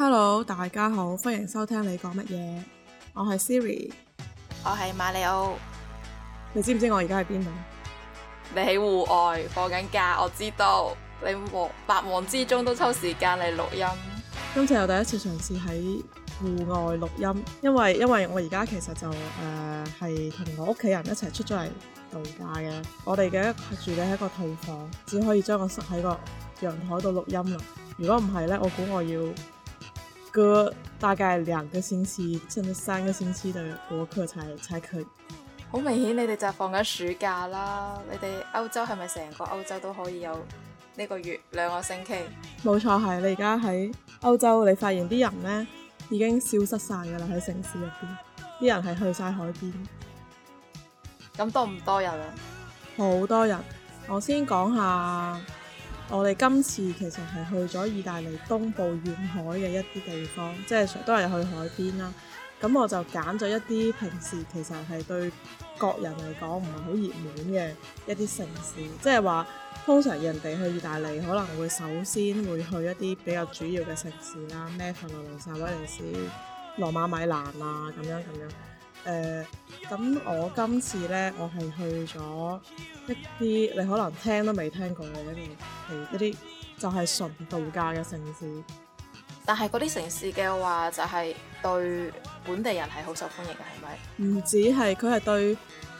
Hello，大家好，歡迎收聽。你講乜嘢？我係 Siri，我係馬里奧。你知唔知我而家喺邊度？你喺戶外放緊假，我知道你忙百忙之中都抽時間嚟錄音。今次我第一次嘗試喺戶外錄音，因為因為我而家其實就誒係同我屋企人一齊出咗嚟度假嘅。我哋嘅住嘅係一個套房，只可以將我塞喺個陽台度錄音啦。如果唔係咧，我估我要。隔大概兩個星期，甚至三個星期的國課才才可。好明顯你，你哋就放緊暑假啦。你哋歐洲係咪成個歐洲都可以有呢個月兩個星期？冇錯係，你而家喺歐洲，你發現啲人呢已經消失晒噶啦，喺城市入邊，啲人係去晒海邊。咁多唔多人啊？好多人。我先講下。我哋今次其實係去咗意大利東部沿海嘅一啲地方，即係都係去海邊啦。咁我就揀咗一啲平時其實係對國人嚟講唔係好熱門嘅一啲城市，即係話通常人哋去意大利可能會首先會去一啲比較主要嘅城市啦，咩佛羅倫薩、威尼斯、羅馬、米蘭啊，咁樣咁樣。這樣。誒咁，uh, 我今次呢，我係去咗一啲你可能聽都未聽過嘅一啲，係嗰啲就係純度假嘅城市。但係嗰啲城市嘅話，就係對本地人係好受歡迎嘅，係咪？唔止係，佢係對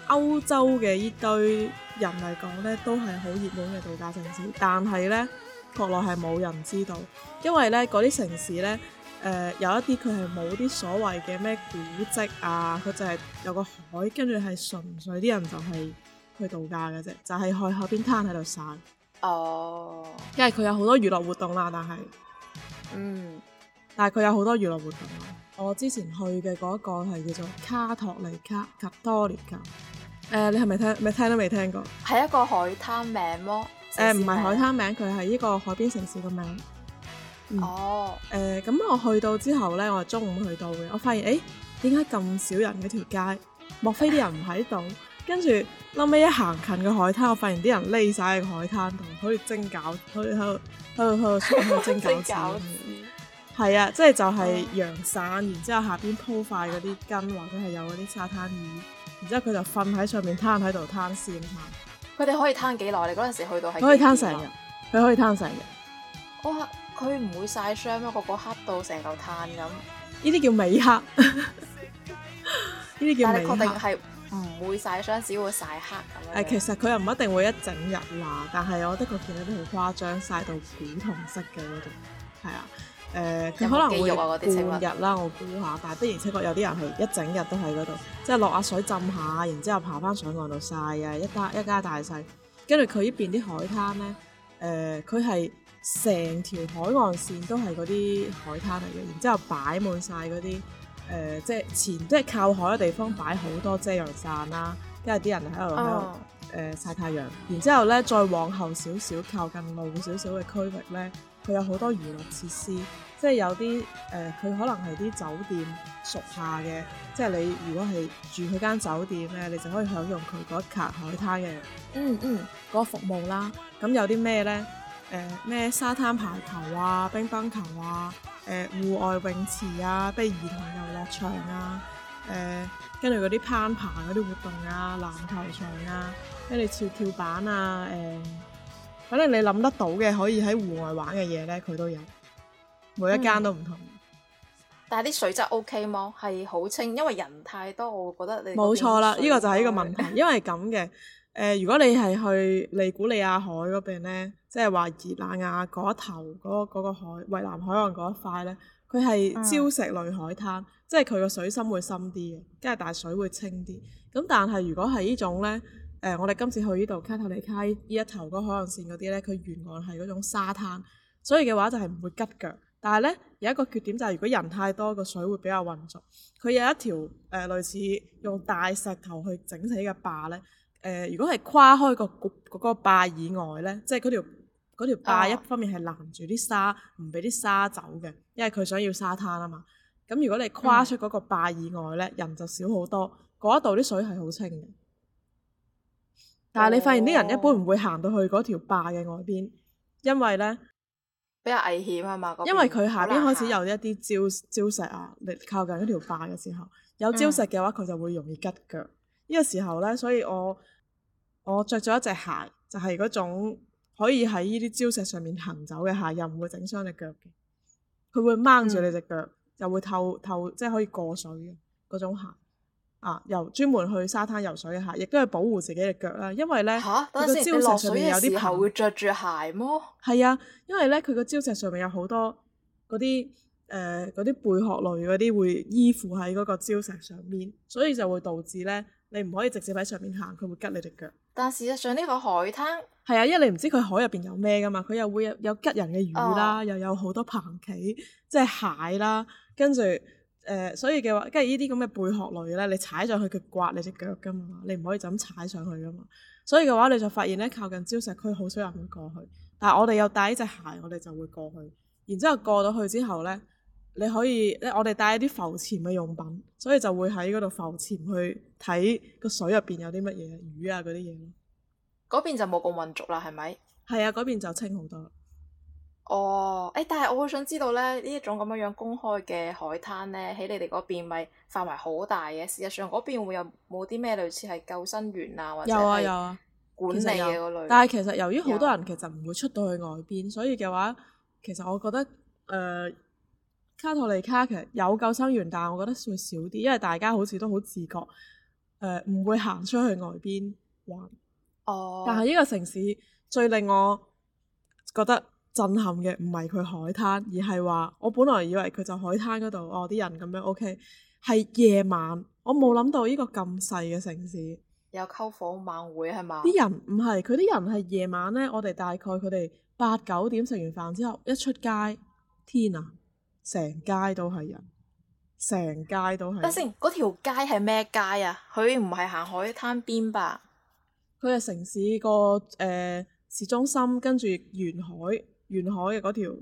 歐洲嘅呢堆人嚟講呢都係好熱門嘅度假城市。但係呢，國內係冇人知道，因為呢嗰啲城市呢。誒、呃、有一啲佢係冇啲所謂嘅咩古跡啊，佢就係有個海，跟住係純粹啲人就係去度假嘅啫，就係、是、去海邊攤喺度散哦，因為佢有好多娛樂活動啦，但係，嗯，但係佢有好多娛樂活動。我之前去嘅嗰一個係叫做卡托利卡，卡托利卡。n、呃、你係咪聽咪聽都未聽過？係一個海灘名麼？誒、呃，唔係海灘名，佢係呢個海邊城市嘅名。哦，誒，咁我去到之後咧，我係中午去到嘅，我發現誒，點解咁少人嗰條街？莫非啲人唔喺度？跟住後屘一行近個海灘，我發現啲人匿晒喺個海灘度，好似蒸餃，好似喺度喺度喺度蒸餃子。係啊，即係就係陽傘，然之後下邊鋪塊嗰啲巾，或者係有嗰啲沙灘椅，然之後佢就瞓喺上面，攤喺度攤晒。佢哋可以攤幾耐？你嗰陣時去到係可以攤成日，佢可以攤成日。哇！佢唔會曬傷咩？個個黑到成嚿炭咁，呢啲叫美黑。呢 啲叫美黑，你確定係唔會曬傷，只會曬黑咁？誒、呃，其實佢又唔一定會一整日話，但係我覺得佢見到啲好誇張，曬到古銅色嘅嗰度。係啊，誒、呃，可能會半日啦，我估下。但係，不然，且確有啲人係一整日都喺嗰度，即係落下水浸下，然之後爬翻上岸度曬啊！一家一家大細，跟住佢依邊啲海灘咧，誒、呃，佢係。成條海岸線都係嗰啲海灘嚟嘅，然之後擺滿晒嗰啲誒，即係前即係靠海嘅地方擺好多遮陽傘啦，跟住啲人喺度喺度誒曬太陽。然之後咧，再往後少少靠近路少少嘅區域咧，佢有好多娛樂設施，即係有啲誒，佢、呃、可能係啲酒店屬下嘅，即係你如果係住佢間酒店咧，你就可以享用佢嗰一卡海灘嘅、嗯，嗯嗯，嗰、嗰個服務啦。咁有啲咩咧？誒咩、呃、沙灘排球啊、乒乓球啊、誒、呃、戶外泳池啊、比如兒童遊樂場啊、誒跟住嗰啲攀爬嗰啲活動啊、籃球場啊、跟住跳跳板啊、誒、呃，反正你諗得到嘅可以喺戶外玩嘅嘢咧，佢都有，每一間都唔同、嗯。但係啲水質 OK 麼？係好清，因為人太多，我覺得你冇錯啦，呢、呢個就係依個問題， 因為咁嘅。誒、呃，如果你係去利古里亞海嗰邊呢，即係話熱那亞嗰一頭嗰、嗰個嗰個海、蔚南海岸嗰一塊呢，佢係礁石類海灘，啊、即係佢個水深會深啲，嘅，跟住但水會清啲。咁但係如果係呢種呢，誒、呃，我哋今次去呢度卡塔利卡呢一頭嗰海岸線嗰啲呢，佢沿岸係嗰種沙灘，所以嘅話就係唔會拮腳。但係呢，有一個缺點就係如果人太多，個水會比較混濁。佢有一條誒、呃、類似用大石頭去整起嘅壩呢。誒、呃，如果係跨開、嗰個谷嗰、嗰個壩以外咧，即係嗰條嗰條壩一方面係攔住啲沙，唔俾啲沙走嘅，因為佢想要沙灘啊嘛。咁如果你跨出嗰個壩以外咧，嗯、人就少好多。嗰一度啲水係好清嘅，哦、但係你發現啲人一般唔會行到去嗰條壩嘅外邊，因為咧比較危險啊嘛。因為佢下邊開始有一啲礁礁石啊，你靠近嗰條壩嘅時候有礁石嘅話，佢、嗯、就會容易拮腳。呢個時候咧，所以我我著咗一隻鞋，就係、是、嗰種可以喺呢啲礁石上面行走嘅鞋，又唔會整傷隻腳嘅。佢會掹住你隻腳，嗯、又會透透，即係可以過水嘅嗰種鞋啊。由專門去沙灘游水嘅鞋，亦都係保護自己隻腳啦。因為咧嚇，當先、啊、你落水嘅時候有會着住鞋咩？係啊，因為咧佢、呃、個礁石上面有好多嗰啲誒嗰啲貝殼類嗰啲會依附喺嗰個礁石上面，所以就會導致咧。你唔可以直接喺上面行，佢會拮你隻腳。但事實上呢個海灘係啊，因為你唔知佢海入邊有咩噶嘛，佢又會有拮人嘅魚啦，哦、又有好多螃蟹，即係蟹啦。跟住誒、呃，所以嘅話，跟住呢啲咁嘅貝殼類咧，你踩上去佢刮你隻腳噶嘛，你唔可以就咁踩上去噶嘛。所以嘅話，你就發現咧，靠近礁石區好少人會過去，但係我哋有帶呢隻鞋，我哋就會過去。然之後過到去之後咧。你可以咧，我哋帶一啲浮潛嘅用品，所以就會喺嗰度浮潛去睇個水入邊有啲乜嘢魚啊嗰啲嘢。嗰邊就冇咁混濁啦，係咪？係啊，嗰邊就清好多。哦，誒、欸，但係我好想知道咧，呢一種咁樣樣公開嘅海灘咧，喺你哋嗰邊咪範圍好大嘅？事實上，嗰邊會有冇啲咩類似係救生員啊，或者係管理嘅嗰類？有啊有啊、但係其實由於好多人其實唔會出到去外邊，啊、所以嘅話，其實我覺得誒。呃卡托利卡其實有救生員，但係我覺得會少啲，因為大家好似都好自覺，誒、呃、唔會行出去外邊玩。哦！Oh. 但係呢個城市最令我覺得震撼嘅唔係佢海灘，而係話我本來以為佢就海灘嗰度哦啲人咁樣 OK，係夜晚我冇諗到呢個咁細嘅城市有篝火晚會係嘛？啲人唔係佢啲人係夜晚咧，我哋大概佢哋八九點食完飯之後一出街，天啊！成街都係人，成街都係人。等先，嗰條街係咩街啊？佢唔係行海灘邊吧？佢係城市個誒市中心，跟住沿海沿海嘅嗰條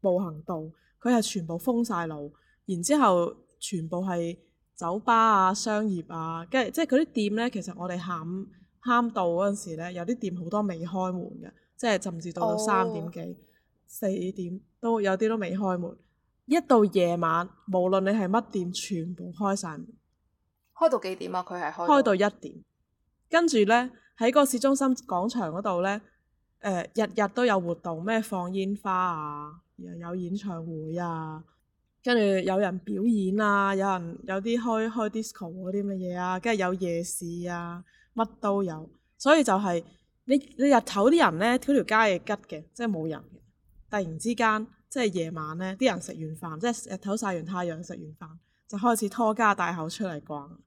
步行道，佢係全部封晒路，然之後全部係酒吧啊、商業啊，跟住即係嗰啲店呢，其實我哋下午啱到嗰陣時呢，有啲店好多未開門嘅，即係甚至到到三、哦、點幾四點都有啲都未開門。一到夜晚，無論你係乜店，全部開晒。開到幾點啊？佢係開開到一點。跟住咧，喺個市中心廣場嗰度咧，誒、呃、日日都有活動，咩放煙花啊，有演唱會啊，跟住有人表演啊，有人有啲開開 disco 嗰啲乜嘢啊，跟住有夜市啊，乜都有。所以就係、是、你你日頭啲人咧，條條街係吉嘅，即係冇人嘅。突然之間。即係夜晚咧，啲人食完飯，即係日頭晒完太陽，食完飯就開始拖家帶口出嚟逛，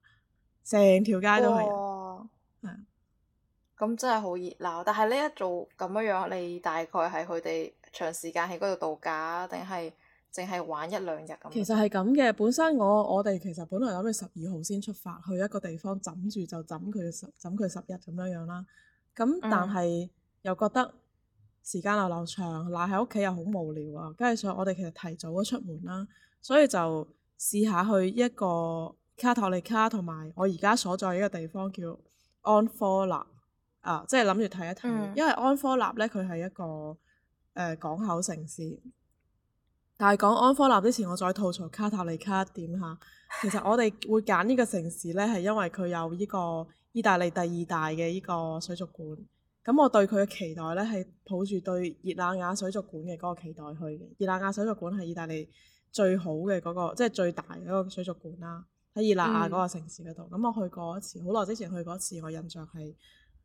成條街都係，咁哇、嗯、真係好熱鬧。但係呢一做咁樣樣，你大概係佢哋長時間喺嗰度度假，定係淨係玩一兩日咁？其實係咁嘅，本身我我哋其實本來諗住十二號先出發，去一個地方枕住就枕佢十枕佢十日咁樣樣啦。咁但係又覺得。嗯時間流流長，賴喺屋企又好無聊啊，跟住所以我哋其實提早咗出門啦，所以就試下去一個卡塔利卡同埋我而家所在呢個地方叫安科納啊，即係諗住睇一睇，嗯、因為安科納咧佢係一個誒、呃、港口城市。但係講安科納之前，我再吐槽卡塔利卡一點一下， 其實我哋會揀呢個城市咧，係因為佢有呢個意大利第二大嘅呢個水族館。咁我對佢嘅期待咧，係抱住對熱那亞水族館嘅嗰個期待去嘅。熱那亞水族館係意大利最好嘅嗰、嗰個，即係最大嗰個水族館啦，喺熱那亞嗰個城市嗰度。咁、嗯、我去過一次，好耐之前去過一次，我印象係誒、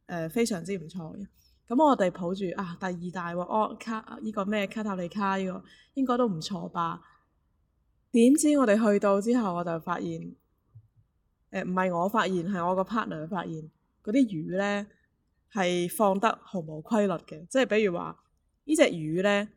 呃、非常之唔錯嘅。咁我哋抱住啊，第二大喎，哦、啊，卡呢、呢個咩卡塔利卡呢、呢個應該都唔錯吧？點知我哋去到之後，我就發現誒唔係我發現，係我個 partner 發現嗰啲魚咧，係放得毫無規律嘅，即係比如話，呢隻魚呢，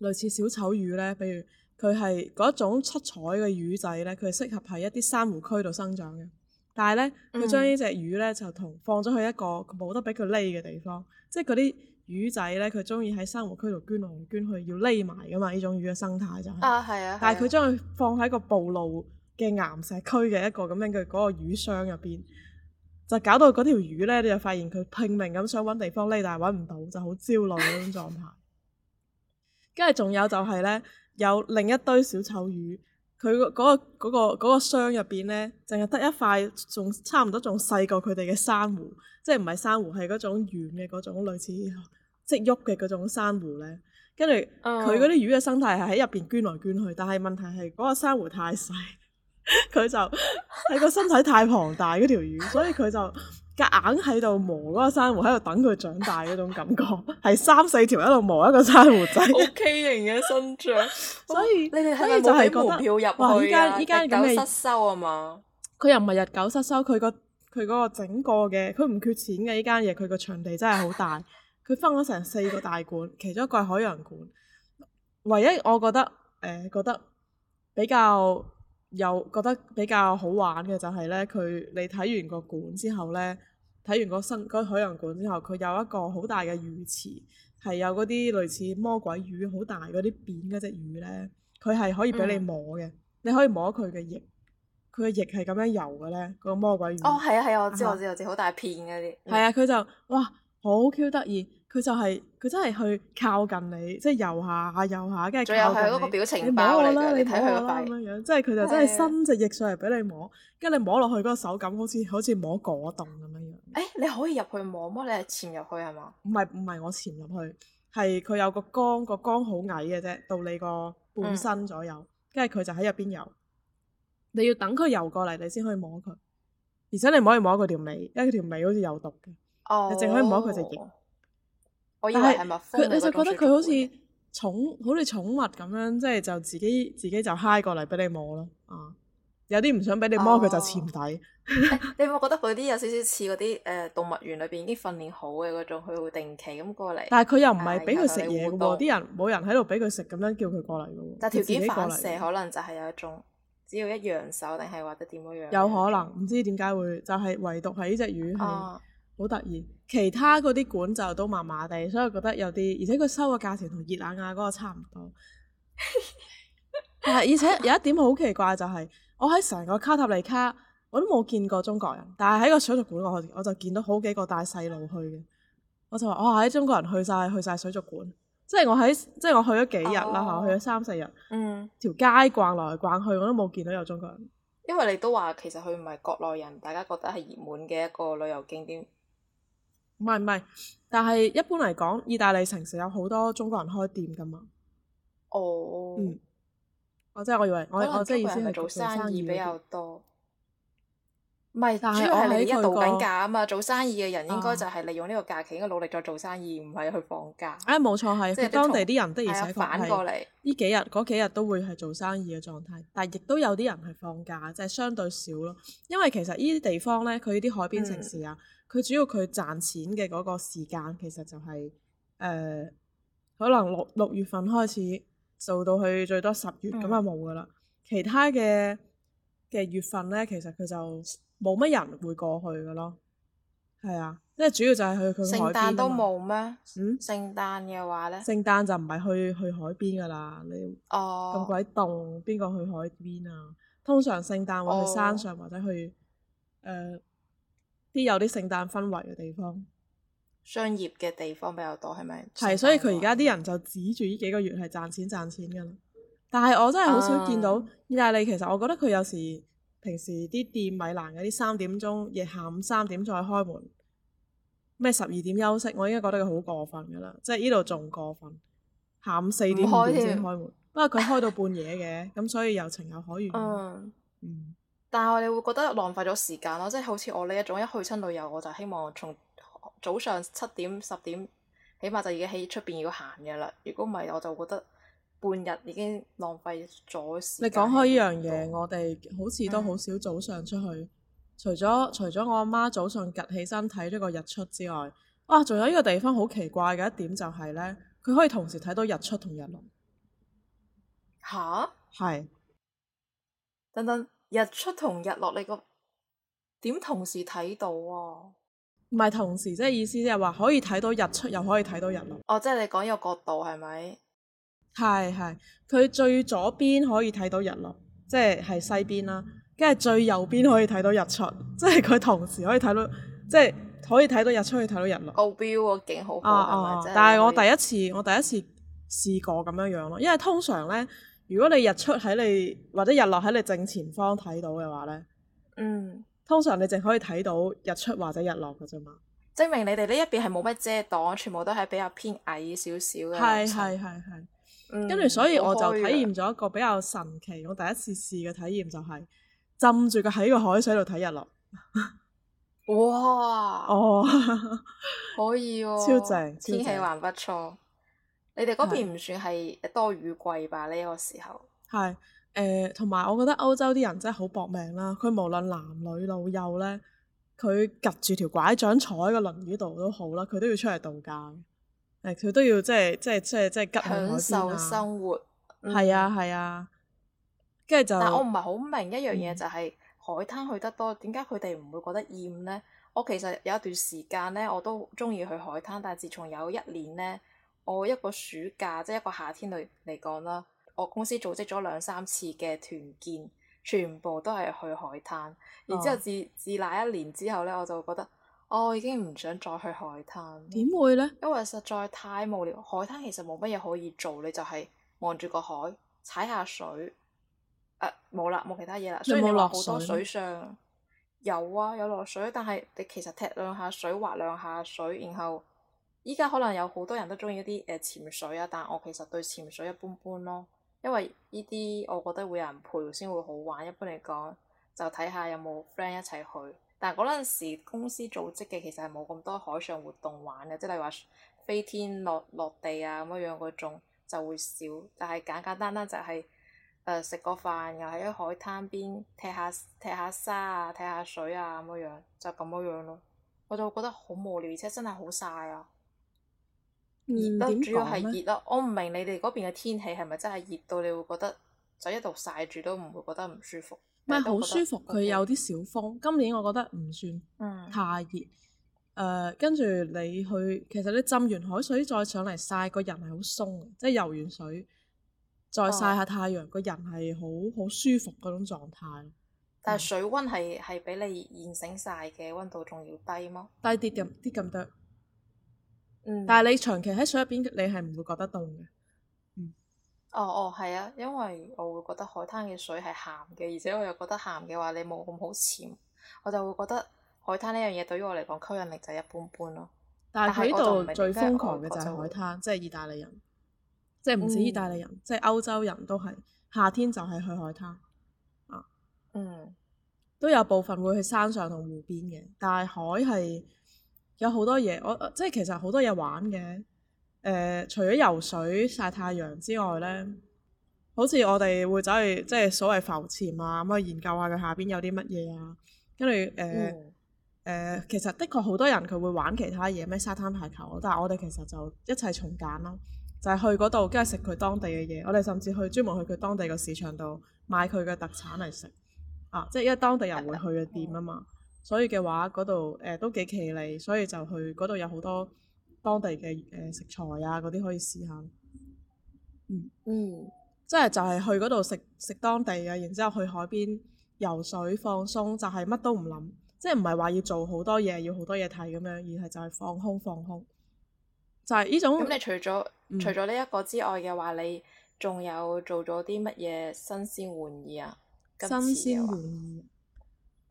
類似小丑魚呢。比如佢係嗰一種七彩嘅魚仔呢，佢適合喺一啲珊瑚區度生長嘅。但係呢，佢將呢隻魚呢，就同放咗去一個冇得俾佢匿嘅地方，即係嗰啲魚仔呢，佢中意喺珊瑚區度捐來捐去，要匿埋噶嘛？呢種魚嘅生態就係、啊，係啊。啊但係佢將佢放喺個暴露嘅岩石區嘅一個咁樣嘅嗰個魚箱入邊。就搞到嗰條魚咧，你就發現佢拼命咁想揾地方匿，但係揾唔到，就好焦慮嗰種狀態。跟住仲有就係咧，有另一堆小丑魚，佢嗰個嗰個嗰個箱入邊咧，淨係得一塊仲差唔多仲細過佢哋嘅珊瑚，即係唔係珊瑚，係嗰種軟嘅嗰種類似即係喐嘅嗰種珊瑚咧。跟住佢嗰啲魚嘅生態係喺入邊捲來捲去，但係問題係嗰個珊瑚太細。佢就係個身體太龐大嗰條魚，所以佢就夾硬喺度磨嗰個珊瑚，喺度等佢長大嗰種感覺，係三四條喺度磨一個珊瑚仔。O K 型嘅身長，所以你哋所以就係覺得哇，依家依家嘢失收啊嘛？佢又唔係日久失修，佢個佢個整個嘅，佢唔缺錢嘅依家嘢，佢個場地真係好大，佢分咗成四個大館，其中一個係海洋館，唯一我覺得誒覺得比較。又覺得比較好玩嘅就係咧，佢你睇完個館之後咧，睇完個新、個、海洋館之後，佢有一個好大嘅魚池，係有嗰啲類似魔鬼魚好大嗰啲扁嗰隻魚咧，佢係可以俾你摸嘅，嗯、你可以摸佢嘅翼，佢嘅翼係咁樣游嘅咧，個魔鬼魚。哦，係啊，係啊，我知我知我知，好大片嗰啲。係啊，佢就哇好 Q 得意。佢就係、是、佢真係去靠近你，即係遊下遊下，跟住佢靠近你。仲有係嗰個表情包嚟嘅，睇佢個表情，即係佢就真係伸隻翼上嚟俾你摸。跟住的你摸落去嗰個手感好，好似好似摸果凍咁樣樣。誒、欸，你可以入去摸摸，你係潛入去係嘛？唔係唔係，我潛入去係佢有個缸，個缸好矮嘅啫，到你個半身左右。跟住佢就喺入邊游。你要等佢游過嚟，你先可以摸佢。而且你唔可以摸佢條尾，因為佢條尾，尾好似有毒嘅。哦。Oh. 你淨可以摸佢隻翼。但係佢你就覺得佢好似寵，好似寵物咁樣，即係就是、自己自己就嗨 i 過嚟俾你摸咯，啊！有啲唔想俾你摸佢、哦、就潛底。 欸、你會覺得佢啲有少少似嗰啲誒動物園裏邊已經訓練好嘅嗰種，佢會定期咁過嚟。但係佢又唔係俾佢食嘢嘅喎，啲、啊、人冇人喺度俾佢食，咁樣叫佢過嚟嘅喎。但係條件反射可能就係有一種，只要一揚手定係或者點樣樣。有可能唔知點解會，就係、是、唯獨係呢隻魚好突然，其他嗰啲館就都麻麻地，所以我覺得有啲，而且佢收嘅價錢同熱那亞嗰個差唔多。 而且有一點好奇怪就係，我喺成個卡托利卡我都冇見過中國人，但係喺個水族館我我就見到好幾個帶細路去嘅，我就話我喺中國人去晒，去晒水族館，即係我喺即係我去咗幾日啦嚇，哦、我去咗三四日，嗯、條街逛來逛去我都冇見到有中國人。因為你都話其實佢唔係國內人，大家覺得係熱門嘅一個旅遊景點。唔係唔係，但係一般嚟講，意大利城市有好多中國人開店㗎嘛。哦。嗯。哦，即係我以為，可能我即係佢係咪做生意比較多？唔係，主要係佢而家度緊假啊嘛。做生意嘅人應該就係利用呢個假期，應該努力再做生意，唔係去放假。誒、啊，冇、哎、錯係，即係當地啲人的確確，而且確係。反過嚟。呢幾日嗰幾日都會係做生意嘅狀態，但係亦都有啲人係放假，即、就、係、是、相對少咯。因為其實呢啲地方呢，佢啲海邊城市啊。嗯嗯佢主要佢賺錢嘅嗰個時間其實就係、是、誒、呃、可能六六月份開始做到去最多十月咁啊，冇噶啦，其他嘅嘅月份咧其實佢就冇乜人會過去噶咯，係啊，即係主要就係去去海邊。聖誕都冇咩？嗯，聖誕嘅話咧？聖誕就唔係去去海邊噶啦，你，哦，咁鬼凍，邊個去海邊啊？通常聖誕會去山上、哦、或者去誒。呃啲有啲聖誕氛圍嘅地方，商業嘅地方比較多，係咪？係，所以佢而家啲人就指住呢幾個月係賺錢賺錢㗎啦。但係我真係好少見到意、嗯、大利，其實我覺得佢有時平時啲店，米蘭嘅啲三點鐘，夜下午三點再開門，咩十二點休息，我應該覺得佢好過分㗎啦。即係呢度仲過分，下午四點五點先開門，不過佢開到半夜嘅，咁 所以有情有可原。嗯。但係我哋會覺得浪費咗時間咯，即係好似我呢一種一去親旅遊，我就希望從早上七點十點，點起碼就已經喺出邊要行嘅啦。如果唔係，我就覺得半日已經浪費咗時。你講開呢樣嘢，嗯、我哋好似都好少早上出去，除咗除咗我阿媽早上起身睇咗個日出之外，啊，仲有呢個地方好奇怪嘅一點就係、是、咧，佢可以同時睇到日出同日落。吓哈？係是。等等。日出同日落，你個點同時睇到啊？唔係同時，即係意思即係話可以睇到日出，又可以睇到日落。哦，即係你講呢個角度係咪？係係，佢最左邊可以睇到日落，即係係西邊啦。跟住最右邊可以睇到，到，到日出，即係佢同時可以睇到，即係可以睇到日出，去睇到日落。g o a 標個景好啊！哦、係係但係我第一次，以我第一次試過咁樣樣咯，因為通常呢。如果你日出喺你或者日落喺你正前方睇到嘅話咧，嗯，通常你淨可以睇到日出或者日落嘅啫嘛。證明你哋呢一邊係冇乜遮擋，全部都係比較偏矮少少嘅。係，係係係。跟住、嗯、所以我就體驗咗一個比較神奇。我第一次試嘅體驗就係、是、浸住個喺個海水度睇日落。 哇！哦， 可以喎，超正，天氣還不錯。你哋嗰邊唔算係多雨季吧？呢、呢個時候係誒，同埋、呃、我覺得歐洲啲人真係好搏命啦！佢無論男女老幼咧，佢夾住條拐杖坐喺個輪椅度都好啦，佢都要出嚟度假。誒，佢都要即係即係即係即係趌向海邊、啊、享受生活係啊係啊，跟住、啊、就。但我唔係好明一樣嘢、就係，就係、嗯、海灘去得多，點解佢哋唔會覺得厭咧？我其實有一段時間咧，我都中意去海灘，但係自從有一年咧。我一個暑假，即係一個夏天嚟嚟講啦，我公司組織咗兩三次嘅團建，全部都係去海灘。哦、然之後自自那一年之後咧，我就覺得，哦、我已經唔想再去海灘。點會咧？因為實在太無聊，海灘其實冇乜嘢可以做，你就係望住個海，踩下水。誒、啊，冇啦，冇其他嘢啦。有冇落好多水上。有，水有啊，有落水，但係你其實踢兩下水，滑兩下水，然後。依家可能有好多人都鍾意一啲誒潛水啊，但我其實對潛水一般般咯，因為呢啲我覺得會有人陪先會好玩。一般嚟講，就睇下有冇 friend 一齊去。但嗰陣時公司組織嘅其實係冇咁多海上活動玩嘅，即係你話飛天落落地啊咁樣嗰種就會少。但係簡簡單單就係誒食個飯，又喺海灘邊踢下踢下沙啊，踢下水啊咁樣，就咁樣咯。我就覺得好無聊，而且真係好曬啊！熱啦，主要係熱啦。嗯、我唔明你哋嗰邊嘅天氣係咪真係熱到你會覺得就一度曬住都唔會覺得唔舒服？唔係好舒服，佢有啲小風。嗯、今年我覺得唔算太熱。誒、呃，跟住你去，其實你浸完海水再上嚟曬，個人係好鬆，即係游完水再曬下太陽，個、哦、人係好好舒服嗰種狀態。嗯、但係水溫係係比你現成曬嘅溫度仲要低嗎？低啲啲啲咁多。嗯、但係你長期喺水入邊，你係唔會覺得凍嘅、嗯哦。哦哦，係啊，因為我會覺得海灘嘅水係鹹嘅，而且我又覺得鹹嘅話，你冇咁好潛，我就會覺得海灘呢樣嘢對於我嚟講吸引力就一般般咯。但係喺度最瘋狂嘅就係海灘，即係、嗯、意大利人，即係唔止意大利人，即、就、係、係、歐洲人都係夏天就係去海灘。啊。嗯。都有部分會去山上同湖邊嘅，但係海係。有好多嘢，我即係其實好多嘢玩嘅。誒、呃，除咗游水、晒太陽之外咧，好似我哋會走去即係所謂浮潛啊，咁、嗯、去研究下佢下邊有啲乜嘢啊。跟住誒誒，其實的確好多人佢會玩其他嘢咩沙灘排球，但係我哋其實就一齊重簡咯，就係、是、去嗰度，跟住食佢當地嘅嘢。我哋甚至去專門去佢當地嘅市場度買佢嘅特產嚟食啊，即係因為當地人會去嘅店啊嘛。嗯。所以嘅話，嗰度誒都幾奇麗，所以就去嗰度有好多當地嘅誒、呃、食材啊，嗰啲可以試下。嗯，嗯，即係就係去嗰度食食當地啊，然之後去海邊游水放鬆，就係、是、乜都唔諗，即係唔係話要做好多嘢，要好多嘢睇咁樣，而係就係放空放空，就係、是、呢種。咁你除咗、嗯、除咗呢一個之外嘅話，你仲有做咗啲乜嘢新鮮玩意啊？咁新鮮玩意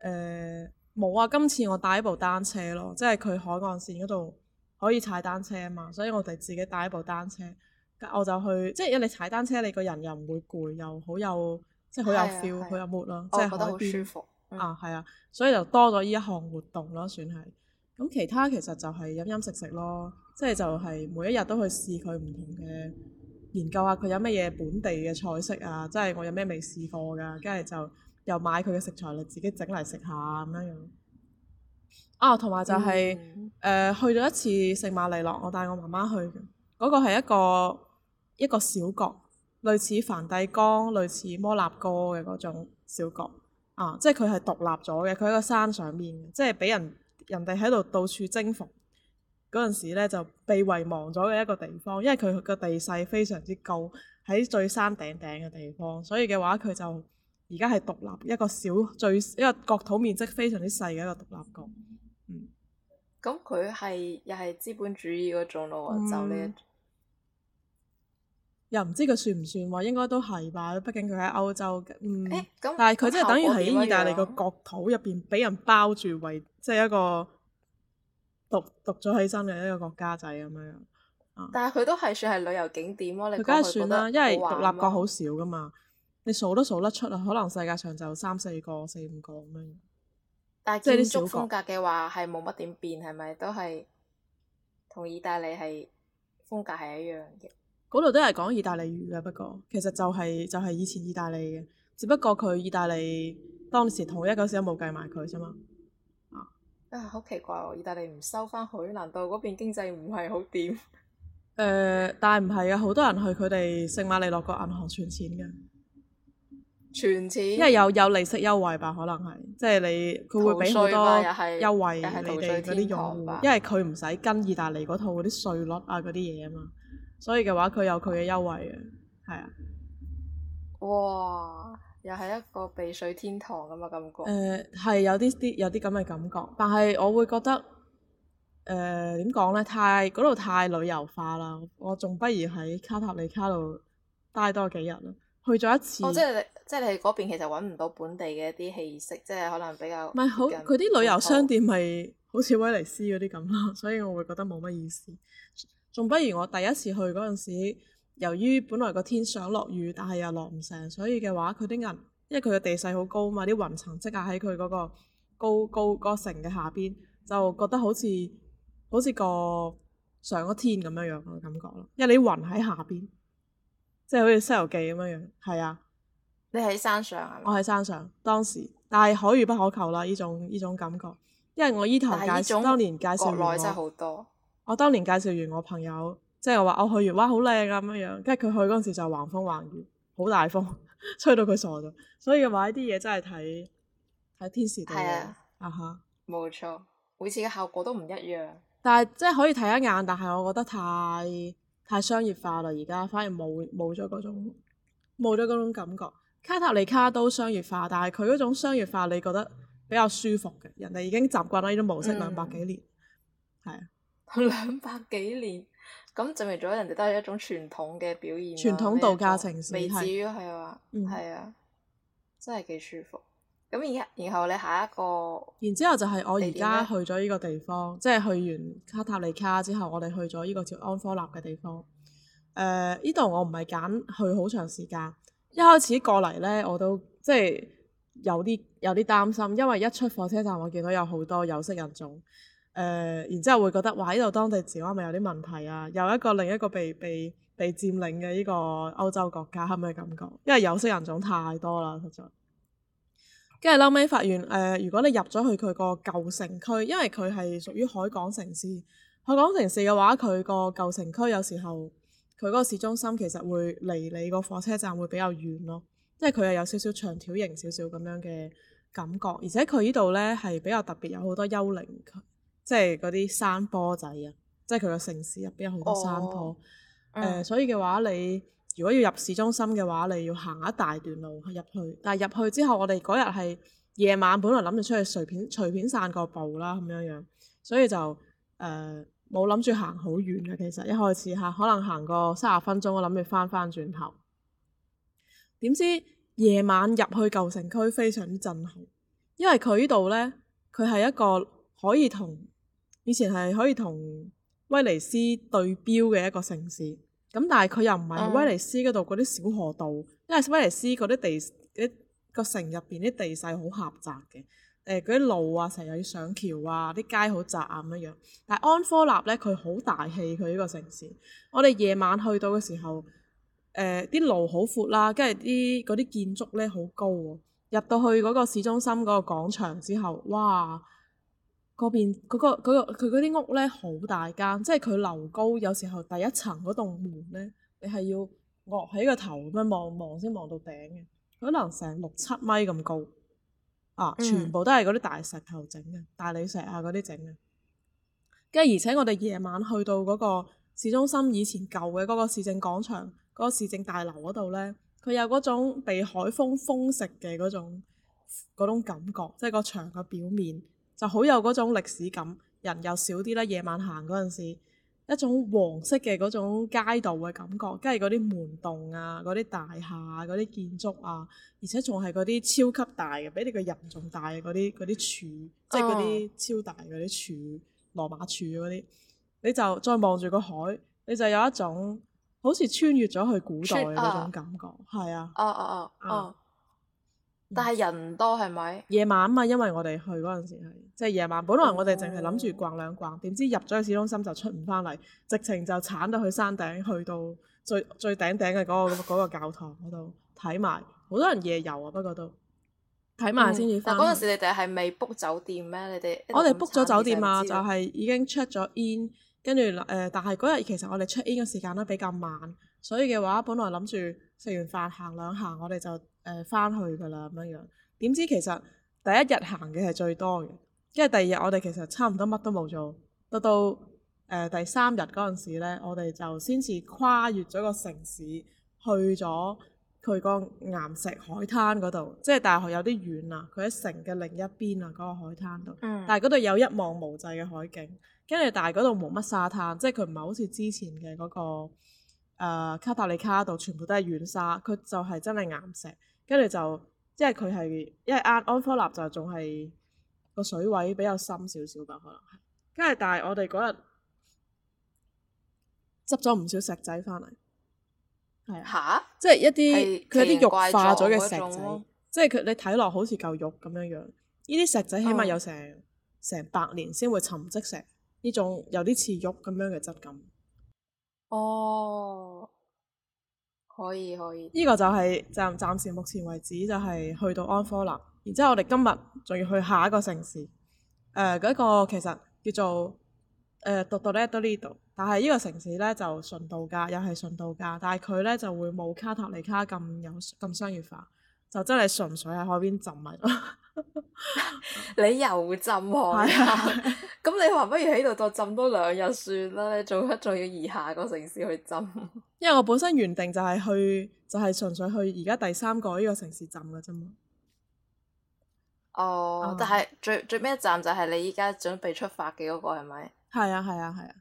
誒。呃冇啊！今次我帶一部單車咯，即係佢海岸線嗰度可以踩單車嘛，所以我哋自己帶一部單車，我就去，即係一你踩單車，你個人又唔會攰，又好有即係好有 feel，好有 move 咯，即係好舒服。啊，係啊，所以就多咗呢一項活動咯，算係。咁其他其實就係飲飲食食咯，即係就係每一日都去試佢唔同嘅研究下佢有乜嘢本地嘅菜式啊，即係我有咩未試過噶，跟住就。又買佢嘅食材嚟自己整嚟食下咁樣樣。啊，同埋就係、是、誒、mm hmm. 呃、去咗一次聖馬力諾，我帶我媽媽去嘅。嗰、那個係一個一個小國，類似梵蒂岡、類似摩納哥嘅嗰種小國。啊，即係佢係獨立咗嘅，佢喺個山上面，即係俾人人哋喺度到處征服嗰陣、那個、時咧，就被遺忘咗嘅一個地方。因為佢個地勢非常之高，喺最山頂頂嘅地方，所以嘅話佢就。而家係獨立一個小最一個國土面積非常之細嘅一個獨立國，嗯。咁佢係又係資本主義嗰種咯喎，就呢一。又唔知佢算唔算喎？應該都係吧。畢竟佢喺歐洲嘅，嗯。欸、但係佢即係等於喺意大利個國土入邊畀人包住為，為即係一個獨獨咗起身嘅一個國家仔咁樣樣。但係佢都係算係旅遊景點咯。佢梗係算啦，因為獨立國好少㗎嘛。你數都數得出啊！可能世界上就三四個、四五個咁樣。但係建築風格嘅話係冇乜點變，係咪都係同意大利係風格係一樣嘅？嗰度都係講意大利語嘅，不過其實就係、係、就係、係、以前意大利嘅，只不過佢意大利當時統一嗰時冇計埋佢啫嘛。啊啊，好奇怪！意大利唔收翻佢，難道嗰邊經濟唔係好掂？誒、呃，但係唔係啊！好多人去佢哋聖馬利諾個銀行存錢㗎。存錢，因為有有利息優惠吧？可能係即係你佢會俾好多優惠你哋嗰啲用戶戶，因為佢唔使跟意大利嗰套嗰啲稅率啊嗰啲嘢啊嘛，所以嘅話佢有佢嘅優惠嘅，係啊。哇！又係一個避稅天堂咁嘅感覺。誒係、呃、有啲啲有啲咁嘅感覺，但係我會覺得誒點講咧？太嗰度太旅遊化啦！我仲不如喺卡塔利卡度待多幾日啦。去咗一次。哦即係你嗰邊其實揾唔到本地嘅一啲氣息，即係可能比較唔係好佢啲旅遊商店，係好似威尼斯嗰啲咁咯，所以我會覺得冇乜意思。仲不如我第一次去嗰陣時，由於本來個天想落雨，但係又落唔成，所以嘅話佢啲人，因為佢嘅地勢好高嘛，啲雲層積壓喺佢嗰個高高個城嘅下邊，就覺得好似好似個上個天咁樣樣嘅感覺咯，因為你雲喺下邊，即係好似《西遊記》咁樣樣，係啊。你喺山上啊？係咪我喺山上，當時，但係可遇不可求啦。呢種依種感覺，因為我依頭介紹，當年介紹，國內真係好多。我當年介紹完我朋友，即係我話我去完，哇，好靚啊！咁樣樣，跟住佢去嗰陣時就橫風橫雨，好大風，吹到佢傻咗。所以話呢啲嘢真係睇睇天時地利啊嚇，冇錯，啊，每次嘅效果都唔一樣。但係即係可以睇一眼，但係我覺得太太商業化啦。而家反而冇冇咗嗰種冇咗嗰種感覺。卡塔利卡都商業化，但係佢嗰種商業化，你覺得比較舒服嘅。人哋已經習慣咗呢種模式、嗯啊、兩百幾年，係啊，兩百幾年，咁證明咗人哋都係一種傳統嘅表現、啊。傳統度假城市未至於係話，係麼啊，啊啊真係幾舒服。咁而、嗯、然後你下一個，然之後就係我而家去咗呢個地方，即係去完卡塔利卡之後，我哋去咗呢個叫安科納嘅地方。誒、呃，呢度我唔係揀去好長時間。一開始過嚟呢，我都即係有啲有啲擔心，因為一出火車站，我見到有好多有色人種，誒、呃，然之後會覺得，哇！呢度當地治安咪有啲問題啊，又一個另一個被被被佔領嘅呢個歐洲國家係咪感覺？因為有色人種太多啦，實在。跟住後尾發現，誒、呃，如果你入咗去佢個舊城區，因為佢係屬於海港城市，海港城市嘅話，佢個舊城區有時候。佢嗰個市中心其實會離你個火車站會比較遠咯，即係佢又有少少長條形、少少咁樣嘅感覺，而且佢呢度呢，係比較特別，有好多幽靈，即係嗰啲山坡仔啊，即係佢個城市入邊有好多山坡，誒、oh, uh. 呃，所以嘅話你如果要入市中心嘅話，你要行一大段路去入去。但係入去之後，我哋嗰日係夜晚，本來諗住出去隨便隨便散個步啦咁樣樣，所以就誒。Uh, 冇諗住行好遠嘅，其實一開始嚇，可能行個三十分鐘，我諗住翻翻轉頭。點知夜晚入去舊城區非常之震撼，因為佢呢度呢，佢係一個可以同以前係可以同威尼斯對標嘅一個城市。咁但係佢又唔係威尼斯嗰度嗰啲小河道，嗯、因為威尼斯嗰啲地，嗰、嗰個城入邊啲地勢好狹窄嘅。誒嗰啲路啊，成日要上橋啊，啲街好窄啊咁樣。但係安科納呢，佢好大氣，佢呢個城市。我哋夜晚去到嘅時候，誒啲路好闊啦、啊，跟住啲嗰啲建築呢好高喎、啊。入到去嗰個市中心嗰個廣場之後，哇！嗰邊嗰、嗰個嗰、嗰個佢嗰啲屋呢好大間，即係佢樓高有時候第一層嗰棟門呢，你係要擱喺個頭咁樣望望先望到頂嘅，可能成六七米咁高。啊！全部都係嗰啲大石頭整嘅，大理石啊嗰啲整嘅，跟住而且我哋夜晚去到嗰個市中心以前舊嘅嗰個市政廣場、嗰個市政大樓嗰度呢，佢有嗰種被海風風蝕嘅嗰種嗰種感覺，即係個牆嘅表面就好有嗰種歷史感，人又少啲啦。夜晚行嗰陣時。一種黃色嘅嗰種街道嘅感覺，跟住嗰啲門洞啊、嗰啲大廈啊、嗰啲建築啊，而且仲係嗰啲超級大嘅，比你個人仲大嘅嗰啲啲柱，oh. 即係嗰啲超大嗰啲柱、羅馬柱嗰啲，你就再望住個海，你就有一種好似穿越咗去古代嘅嗰種感覺，係 ut ?、oh. 啊。Oh. Oh. Oh. Oh. 但係人多係咪？夜晚啊嘛，因為我哋去嗰陣時係即係夜晚。本來我哋淨係諗住逛兩逛，點、嗯、知入咗去市中心就出唔翻嚟，直情就鏟到去山頂，去到最最頂頂嘅嗰、嗰個嗰 個教堂嗰度睇埋。好多人夜遊啊，不過都睇埋先至翻。但嗰陣時你哋係未 book 酒店咩？你哋我哋 book 咗酒店啊，就係已經 check 咗 in，跟住誒，但係嗰日其實我哋 check in 嘅時間都比較慢，所以嘅話本來諗住食完飯行兩行，我哋就。誒翻、呃、去㗎啦咁樣樣，點知其實第一日行嘅係最多嘅，跟住第二日我哋其實差唔多乜都冇做，到到誒、呃、第三日嗰陣時咧，我哋就先至跨越咗個城市去咗佢個岩石海灘嗰度，即係大學有啲遠啦，佢喺城嘅另一邊啊嗰、那個海灘度，嗯、但係嗰度有一望無際嘅海景，跟住但係嗰度冇乜沙灘，即係佢唔係好似之前嘅嗰、那個、呃、卡托利卡度全部都係軟沙，佢就係真係岩石。跟住就，即係佢係，因為啱安科納就仲係個水位比較深少少吧，可能。跟住但係我哋嗰日執咗唔少石仔翻嚟，係吓哈？即係一啲佢是有啲玉化咗嘅石仔，即係佢你睇落好似嚿玉咁樣樣。呢啲石仔起碼有成、哦、成百年先會沉積成，呢種有啲似玉咁樣嘅質感。哦。可以可以，呢個就係、是、暫暫時目前為止就係、是、去到安科納，然之後我哋今日仲要去下一個城市，誒、呃、嗰、那個其實叫做誒杜杜列多利度，但係呢個城市咧就純度假，又係純度假，但係佢咧就會冇卡塔利卡咁有咁商業化，就真係純粹喺海邊浸埋。 你又浸海啊？咁你話不如喺度再浸多兩日算啦，你做乜仲要移下個城市去浸。 因為我本身原定就係去，就係、是、純粹去而家第三個呢個城市浸噶啫嘛。哦，但係最最屘一站就係你依家準備出發嘅嗰、那個係咪？係啊係啊係啊！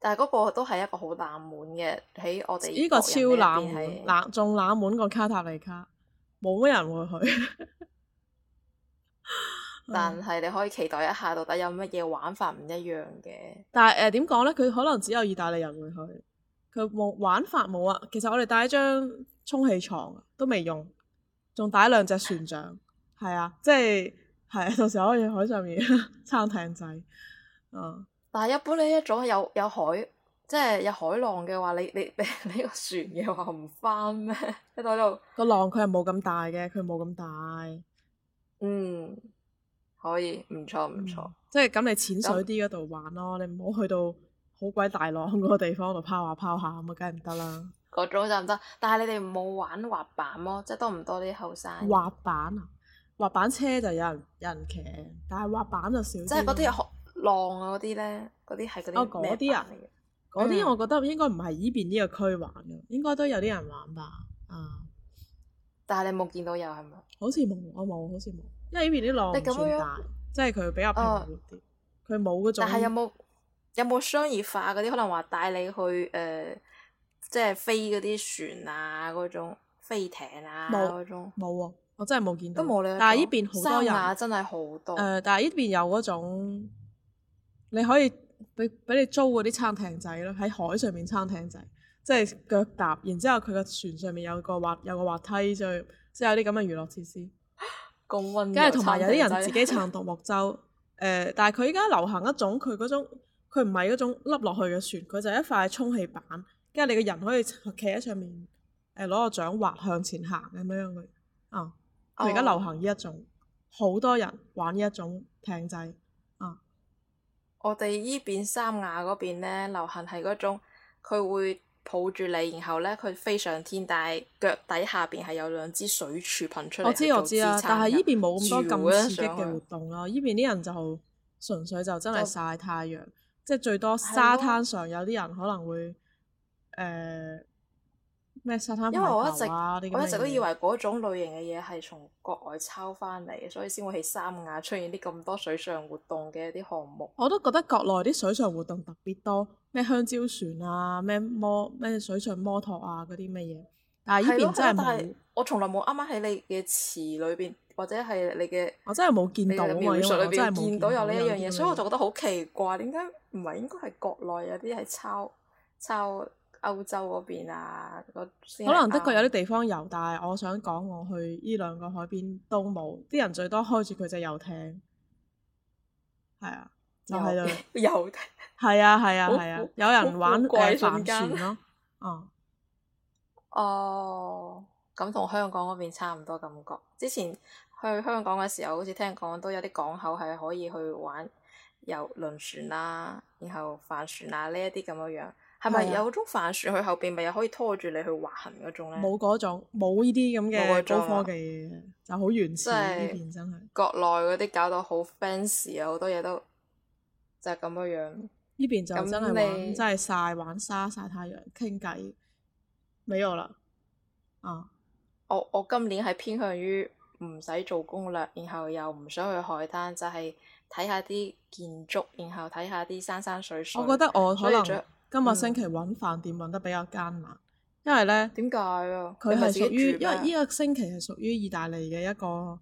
但係嗰個都係一個好冷門嘅，喺我哋呢個超冷門，仲冷門過卡塔利卡，冇乜人會去。 嗯、但係你可以期待一下，到底有乜嘢玩法唔一樣嘅、嗯？但係誒點講咧？佢、呃、可能只有意大利人會去。佢冇玩法冇啊。其實我哋帶一張充氣床都未用，仲帶兩隻船長。係 啊，即係係、啊、到時候可以海上面 撐艇仔。嗯、但係一般呢一種有有海，即、就、係、係、有海浪嘅話，你你你呢個船嘅話唔翻咩？喺度。個浪佢係冇咁大嘅，佢冇咁大。嗯。可以，唔錯唔錯。即係咁，嗯、你淺水啲嗰度玩咯，嗯、你唔好去到好鬼大浪嗰個地方度拋下拋下咁啊，梗係唔得啦。嗰 種就唔得，但係你哋冇玩滑板麼？即係多唔多啲後生？滑板啊，滑板車就有人有人騎，但係滑板就少。即係嗰啲學浪呢啊嗰啲咧，嗰啲係嗰啲咩啲人？嗰啲我覺得應該唔係呢邊呢個區玩嘅，嗯、應該都有啲人玩吧。啊！但係你冇見到有係咪？好似冇，我冇，好似冇。因為呢邊啲浪唔算大，即係佢比較平啲。佢冇嗰種。係有冇有冇商業化嗰啲？可能話帶你去誒、呃，即係飛嗰啲船啊，嗰種飛艇啊，嗰種冇啊、哦，我真係冇見到。都冇理。但係呢邊好多人真係好多。誒、呃，但係呢邊有嗰種，你可以俾俾你租嗰啲撐艇仔咯，喺海上面撐艇仔，即係腳踏。然之後佢個船上面有個滑有個滑梯，即係即係有啲咁嘅娛樂設施。跟住同埋有啲人自己撐獨木舟，誒、 呃，但係佢而家流行一種佢嗰種，佢唔係嗰種凹落去嘅船，佢就係一塊充氣板，跟住你個人可以企喺上面，誒、呃、攞個掌滑向前行咁樣嘅，啊、嗯，佢而家流行呢一種，好、哦、多人玩呢一種艇仔，啊、嗯，我哋呢邊三亞嗰邊咧流行係嗰種，佢會。抱住你，然後咧佢飛上天，但係腳底下邊係有兩支水柱噴出嚟做支撐。我知我知。但係呢邊冇咁多咁刺激嘅活動咯，呢邊啲人就純粹就真係晒太陽，就是、即係最多沙灘上有啲人可能會誒。啊、因為我一直我一直都以為嗰種類型嘅嘢係從國外抄返嚟，所以先會喺三亞出現啲咁多水上活動嘅一啲項目。我都覺得國內啲水上活動特別多，咩香蕉船啊，咩摩咩水上摩托啊，嗰啲乜嘢。但係呢邊真係冇，我從來冇啱啱喺你嘅詞裏邊，或者係你嘅我真係冇見到描述裏邊見到有呢樣嘢，所以我就覺得好奇怪，點解唔係應該係國內有啲係抄抄？抄歐洲嗰邊啊，可能的確有啲地方有，嗯、但係我想講，我去呢兩個海邊都冇啲人最多開住佢隻遊艇，係啊，遊就喺度 遊艇，係啊係啊係啊，啊有人玩誒帆、呃、船咯，哦哦，咁同香港嗰邊差唔多感覺。之前去香港嘅時候，好似聽講都有啲港口係可以去玩遊，遊輪船啦，然後帆船啊，呢一啲咁嘅樣。係咪 有嗰種帆船？佢後邊咪又可以拖住你去滑行嗰種咧？冇嗰種，冇呢啲咁嘅高科技嘅，就好原始呢邊真係是。真國內嗰啲搞到好 fancy 啊，好多嘢都就係咁嘅樣。呢邊邊就真係玩真係晒玩沙曬太陽傾偈。沒有啦，啊！我我今年係偏向於唔使做攻略，然後又唔想去海灘，就係、是、睇下啲建築，然後睇下啲山山水水。我覺得我可能。今個星期揾飯店揾得比較艱難，因為咧？點解啊？佢係屬於因為呢個星期係屬於意大利嘅一個誒、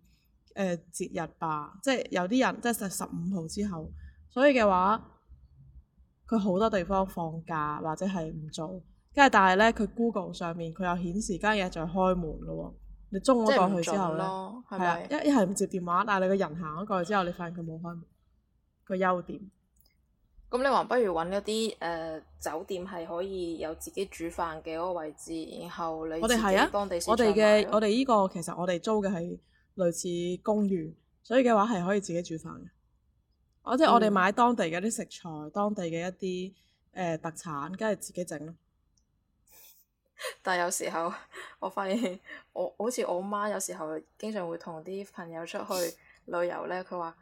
呃、節日吧，即係有啲人即係十五號之後，所以嘅話佢好多地方放假或者係唔做，跟住但係咧佢 Google 上面佢又顯示間嘢就開門咯喎，你鐘咗過去之後咧，係啊，一係唔接電話，但係你個人行咗過去之後，你發現佢冇開門個優點。咁你還不如揾一啲誒、呃、酒店係可以有自己煮飯嘅嗰個位置，然後你自己當地食材我、啊我。我哋係啊，我哋嘅我哋依個其實我哋租嘅係類似公寓，所以嘅話係可以自己煮飯。哦，即係我哋買當地嘅啲食材，嗯、當地嘅一啲誒、呃、特產，梗係自己整咯。 但有時候，我發現我好似我媽有時候經常會同啲朋友出去旅遊咧，佢話。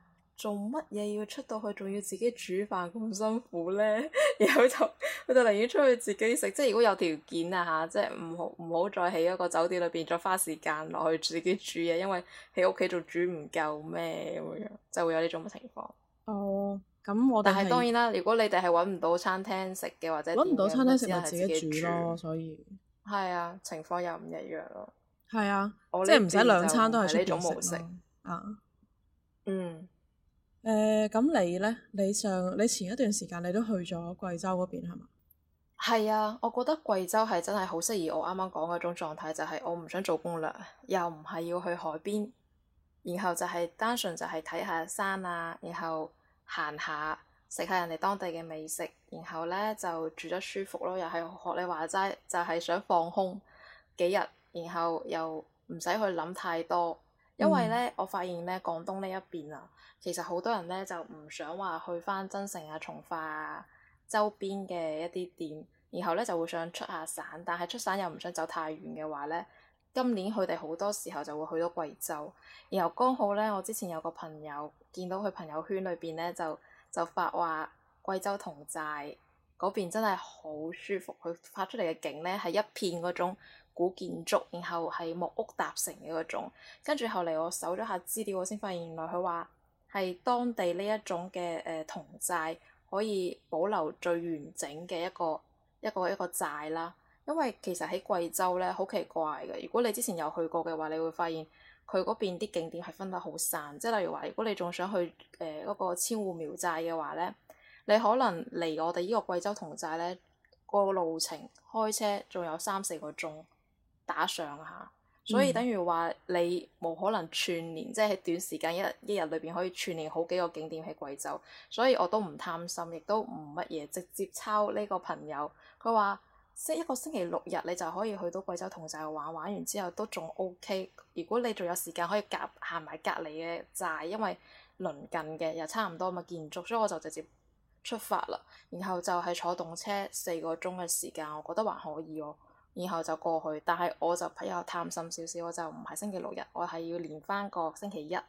做乜嘢要出到去，仲要自己煮飯咁辛苦咧？ 然後就佢就寧願出去自己食，即係如果有條件啊吓，即係唔好唔好再喺一個酒店裏邊再花時間落去自己煮嘢，因為喺屋企仲煮唔夠咩咁樣，就會有呢種情況。哦，咁我但係當然啦，如果你哋係搵唔到餐廳食嘅或者搵唔到餐廳食，咪自己煮咯。所以係啊，情況又唔一樣咯。係啊，即係唔使兩餐都係呢種模式啊，嗯。誒咁、呃、你咧？你上你前一段時間你都去咗貴州嗰邊係嘛？係啊，我覺得貴州係真係好適宜我啱啱講嗰種狀態，就係、是、我唔想做攻略，又唔係要去海邊，然後就係單純就係睇下山啊，然後行下，食下人哋當地嘅美食，然後咧就住得舒服咯。又係學你話齋，就係、是、想放空幾日，然後又唔使去諗太多。因為咧，我發現咧，廣東呢一邊啊，其實好多人咧就唔想話去返增城啊、從化啊周邊嘅一啲店，然後咧就會想出下省，但係出省又唔想走太遠嘅話咧，今年佢哋好多時候就會去到貴州，然後剛好咧，我之前有個朋友見到佢朋友圈裏邊咧就就發話貴州侗寨嗰邊真係好舒服，佢發出嚟嘅景咧係一片嗰種。古建築，然後係木屋搭成嘅嗰種。跟住後嚟，我搜咗下資料，我先發現原來佢話係當地呢一種嘅誒侗寨可以保留最完整嘅一個一個一個寨啦。因為其實喺貴州咧好奇怪嘅，如果你之前有去過嘅話，你會發現佢嗰邊啲景點係分得好散。即係例如話，如果你仲想去誒嗰、呃、個千戶苗寨嘅話咧，你可能離我哋呢個貴州侗寨咧，這個路程開車仲有三四個鐘。打上下，所以等於話你冇可能串連，嗯、即係喺短時間一一日裏邊可以串連好幾個景點喺貴州，所以我都唔貪心，亦都唔乜嘢，直接抄呢個朋友，佢話即一個星期六日你就可以去到貴州同寨玩，玩完之後都仲 OK。如果你仲有時間，可以夾行埋隔離嘅寨，因為鄰近嘅又差唔多，嘛建築，所以我就直接出發啦。然後就係坐動車四個鐘嘅時,時間，我覺得還可以喎。然後就過去，但係我就比較貪心少少，我就唔係星期六日，我係要連翻個星期一咁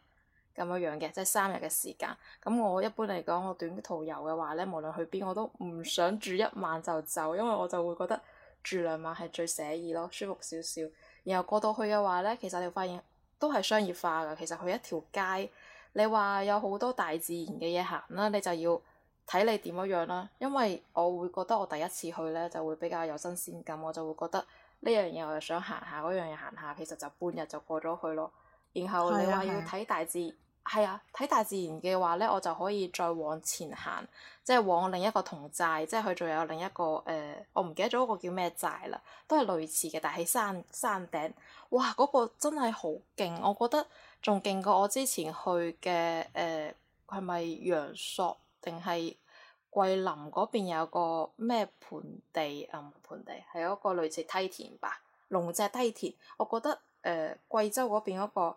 樣樣嘅，即係三日嘅時間。咁我一般嚟講，我短途遊嘅話咧，無論去邊我都唔想住一晚就走，因為我就會覺得住兩晚係最寫意咯，舒服少少。然後過到去嘅話咧，其實你會發現都係商業化㗎。其實去一條街，你話有好多大自然嘅嘢行啦，你就要。睇你點樣樣啦，因為我會覺得我第一次去咧就會比較有新鮮感，我就會覺得呢樣嘢我又想行下，嗰樣嘢行下，其實就半日就過咗去咯。然後你話要睇大自然，係啊的，睇的大自然嘅話咧，我就可以再往前行，即係往另一個同寨，即係佢仲有另一個誒、呃，我唔記得咗嗰個叫咩寨啦，都係類似嘅，但係喺山山頂，哇嗰、那個真係好勁，我覺得仲勁過我之前去嘅誒，係咪陽朔？是定係桂林嗰邊有個咩盆地？嗯，盆地係嗰個類似梯田吧？龍脊梯田，我覺得誒、呃、貴州嗰邊嗰、那個誒、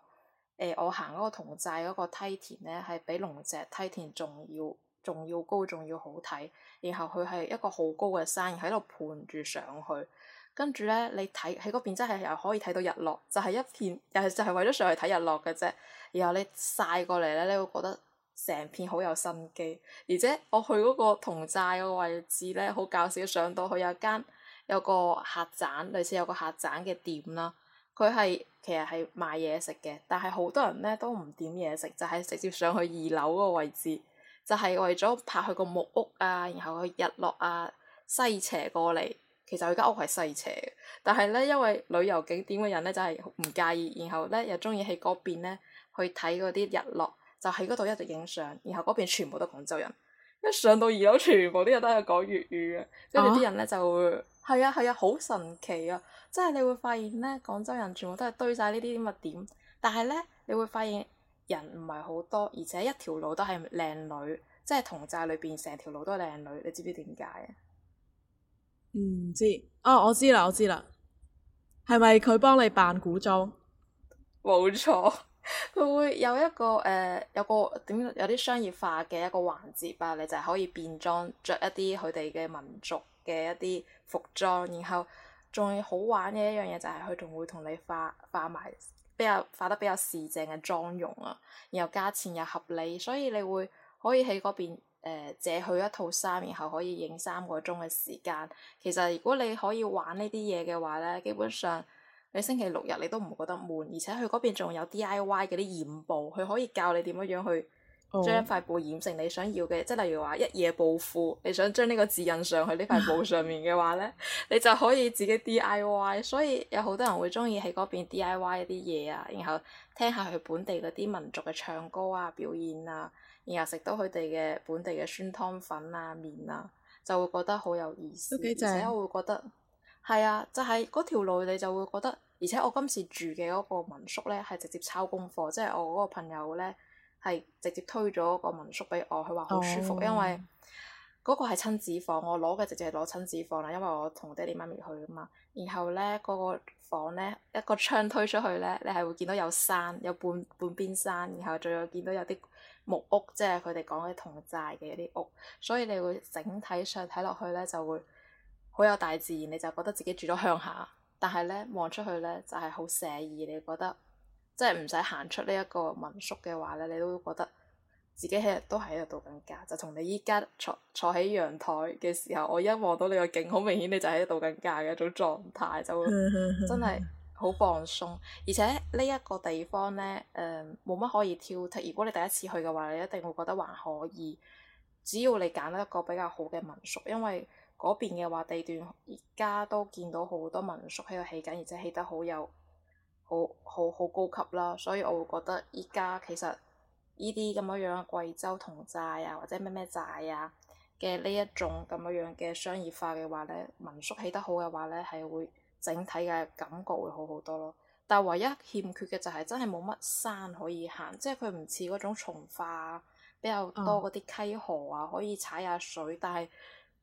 呃、我行嗰個侗寨嗰個梯田咧，係比龍脊梯田仲要仲要高，仲要好睇。然後佢係一個好高嘅山，喺度盤住上去。跟住咧，你睇喺嗰邊真係又可以睇到日落，就係、是、一片，又係就係、是、為咗上去睇日落嘅啫。然後你曬過嚟咧，你會覺得。成片好有心機，而且我去嗰個同寨個位置咧，好搞笑！上到去有間有個客棧，類似有個客棧嘅店啦。佢係其實係賣嘢食嘅，但係好多人咧都唔點嘢食，就係、是、直接上去二樓嗰個位置，就係、是、為咗拍佢個木屋啊，然後去日落啊西斜過嚟。其實佢間屋係西斜嘅，但係咧因為旅遊景點嘅人咧就係、是、唔介意，然後咧又鍾意喺嗰邊咧去睇嗰啲日落。就喺嗰度一直影相，然後嗰邊全部都廣州人，一上到二樓全部啲人都係講粵語嘅，跟住啲人咧就會係啊係啊好神奇啊！即係你會發現咧，廣州人全部都係堆晒呢啲咁嘅點，但係咧你會發現人唔係好多，而且一條路都係靚女，即係侗寨裏邊成條路都係靚女，你知唔、嗯、知點解啊？唔知啊！我知啦，我知啦，係咪佢幫你扮古裝？冇錯。佢會有一個誒、呃，有個有點有啲商業化嘅一個環節啊，你就係可以變裝，着一啲佢哋嘅民族嘅一啲服裝，然後仲好玩嘅一樣嘢就係佢仲會同你化化埋比較化得比較時正嘅妝容啊，然後價錢又合理，所以你會可以喺嗰邊、呃、借佢一套衫，然後可以影三個鐘嘅時,時間。其實如果你可以玩呢啲嘢嘅話咧，基本上。你星期六日你都唔覺得悶，而且佢嗰邊仲有 D.I.Y. 嗰啲染布，佢可以教你點樣樣去將塊布染成你想要嘅，哦、即係例如話一夜暴富，你想將呢個字印上去呢塊布上面嘅話咧， 你就可以自己 D.I.Y. 所以有好多人會鍾意喺嗰邊 D.I.Y. 一啲嘢啊，然後聽下佢本地嗰啲民族嘅唱歌啊、表演啊，然後食到佢哋嘅本地嘅酸湯粉啊、麵啊，就會覺得好有意思，棒而且我會覺得係啊，就係嗰條路你就會覺得。而且我今次住嘅嗰個民宿咧，係直接抄功課，即係我嗰個朋友咧係直接推咗個民宿畀我，佢話好舒服，oh。因為嗰個係親子房，我攞嘅直接係攞親子房啦，因為我同爹哋媽咪去啊嘛。然後咧嗰、嗰個房咧一個窗推出去咧，你係會見到有山，有半半邊山，然後仲有見到有啲木屋，即係佢哋講嘅侗寨嘅一啲屋，所以你會整體上睇落去咧就會好有大自然，你就覺得自己住咗鄉下。但係咧望出去咧就係好寫意，你覺得即係唔使行出呢一個民宿嘅話咧，你都會覺得自己喺都喺度度緊假。就同你依家坐坐喺陽台嘅時候，我一望到你個景，好明顯你就喺度度緊假嘅一種狀態，就會 真係好放鬆。而且呢一個地方咧，誒冇乜可以挑剔。如果你第一次去嘅話，你一定會覺得還可以。只要你揀得一個比較好嘅民宿，因為嗰邊嘅話地段而家都見到好多民宿喺度起緊，而且起得好有好好好高級啦，所以我會覺得而家其實呢啲咁樣樣貴州侗寨啊或者咩咩寨啊嘅呢一種咁樣樣嘅商業化嘅話咧，民宿起得好嘅話咧係會整體嘅感覺會好好多咯。但唯一欠缺嘅就係真係冇乜山可以行，即係佢唔似嗰種從化比較多嗰啲溪河啊，可以踩下水，嗯、但係。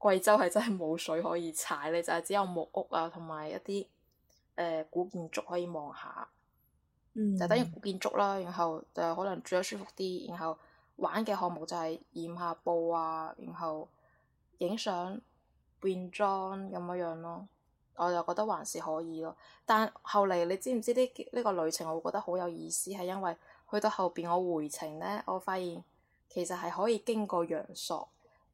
貴州係真係冇水可以踩，你就係、是、只有木屋啊，同埋一啲誒、呃、古建築可以望下，嗯、就等於古建築啦。然後就可能住得舒服啲，然後玩嘅項目就係染下布啊，然後影相變裝咁樣樣咯。我就覺得還是可以咯。但後嚟你知唔知呢？呢、呢個旅程我會覺得好有意思，係因為去到後邊我回程咧，我發現其實係可以經過陽朔。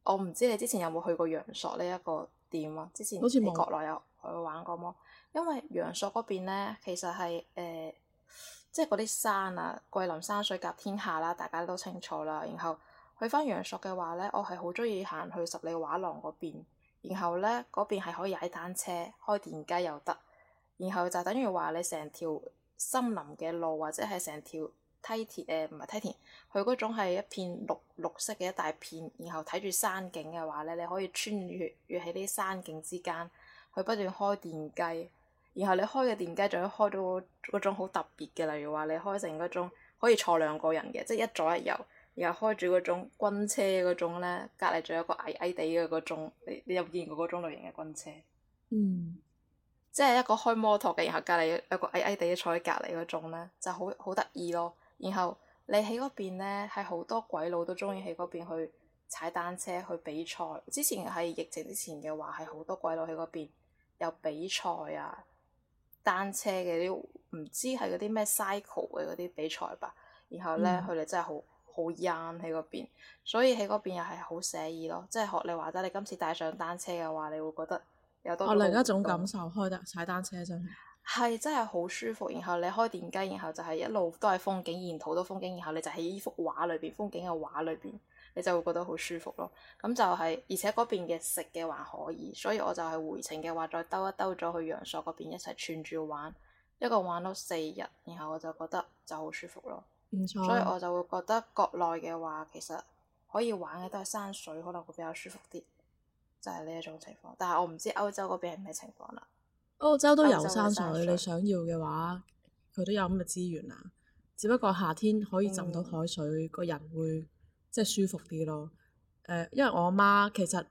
我唔知你之前有冇去過陽朔呢一個店啊？之前好似喺國內有去玩過麼？因為陽朔嗰邊咧，其實係誒，即係嗰啲山啊，桂林山水甲天下啦、啊，大家都清楚啦。然後去返陽朔嘅話咧，我係好鍾意行去十里畫廊嗰邊，然後咧嗰邊係可以踩單車、開電雞又得，然後就等於話你成條森林嘅路或者係成條，梯田誒，唔係梯田，佢、呃、嗰種係一片綠綠色嘅一大片，然後睇住山景嘅話咧，你可以穿越越喺啲山景之間，去不斷開電雞，然後你開嘅電雞仲要開到嗰嗰種好特別嘅，例如話你開成嗰種可以坐兩個人嘅，即係一左一右，然後開住嗰種軍車嗰種咧，隔離仲有一個矮矮地嘅嗰種，你你有冇見過嗰種類型嘅軍車？嗯，即係一個開摩托嘅，然後隔離有一個矮矮地坐喺隔離嗰種咧，就好好得意咯～然後你喺嗰邊咧，係好多鬼佬都鍾意喺嗰邊去踩單車去比賽。之前喺疫情之前嘅話，係好多鬼佬喺嗰邊有比賽啊，單車嘅啲唔知係嗰啲咩 cycle 嘅嗰啲比賽吧。然後咧佢哋真係好好癮喺嗰邊，所以喺嗰邊又係好寫意咯。即係學你話齋，你今次帶上單車嘅話，你會覺得有多種感受。我哋另一種感受，開得踩單車真係。係真係好舒服，然後你開電機，然後就係一路都係風景，沿途都風景，然後你就喺依幅畫裏邊，風景嘅畫裏邊，你就會覺得好舒服咯。咁就係、是、而且嗰邊嘅食嘅還可以，所以我就係回程嘅話再兜一兜咗去陽朔嗰邊一齊串住玩，一個玩咗四日，然後我就覺得就好舒服咯。唔錯。所以我就會覺得國內嘅話其實可以玩嘅都係山水，可能會比較舒服啲，就係呢一種情況。但係我唔知歐洲嗰邊係咩情況啦。歐洲都遊山水，你想要嘅話，佢都有咁嘅資源啊。只不過夏天可以浸到海水，個、嗯、人會即係舒服啲咯。誒、呃，因為我阿媽其實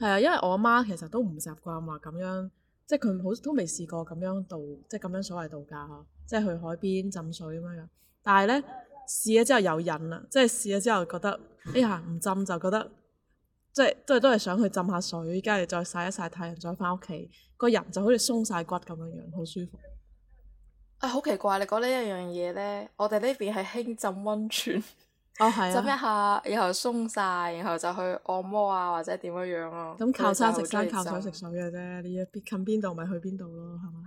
係啊，因為我阿媽其實都唔習慣話咁樣,樣，即係佢好都未試過咁樣度，即係咁樣所謂度假呵、啊，即係去海邊浸水咁樣。但係咧試咗之後有癮啦，即係試咗之後覺得哎呀唔浸就覺得。即係都係想去浸下水，跟住再曬一曬太陽再，再返屋企，個人就好似鬆晒骨咁樣樣，好舒服。誒好、哎、奇怪，你講呢一樣嘢呢，我哋呢邊係興浸溫泉， 哦啊、浸一下，然後鬆晒，然後就去按摩啊，或者點樣樣、啊、咯。咁、嗯、靠山食山，靠水食水嘅啫，你越邊近邊度，咪去邊度咯，係嘛？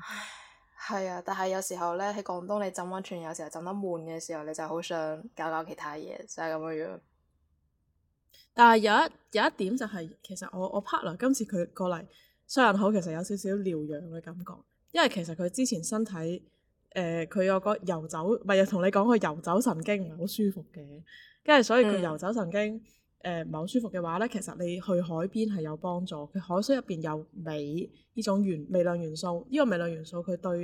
係呀，但係有時候呢，喺廣東，你浸溫泉有時候浸得悶嘅時候，你就好想搞搞其他嘢，就係咁樣樣。但係有一有一點就係、是，其實我我 partner 今次佢過嚟，雙人好，其實有少少療養嘅感覺，因為其實佢之前身體誒佢、呃、有個游走，唔係又同你講個游走神經唔係好舒服嘅，跟住所以佢游走神經誒唔係好舒服嘅話咧，其實你去海邊係有幫助，佢海水入邊有鎂呢種元微量元素，呢、這個微量元素佢對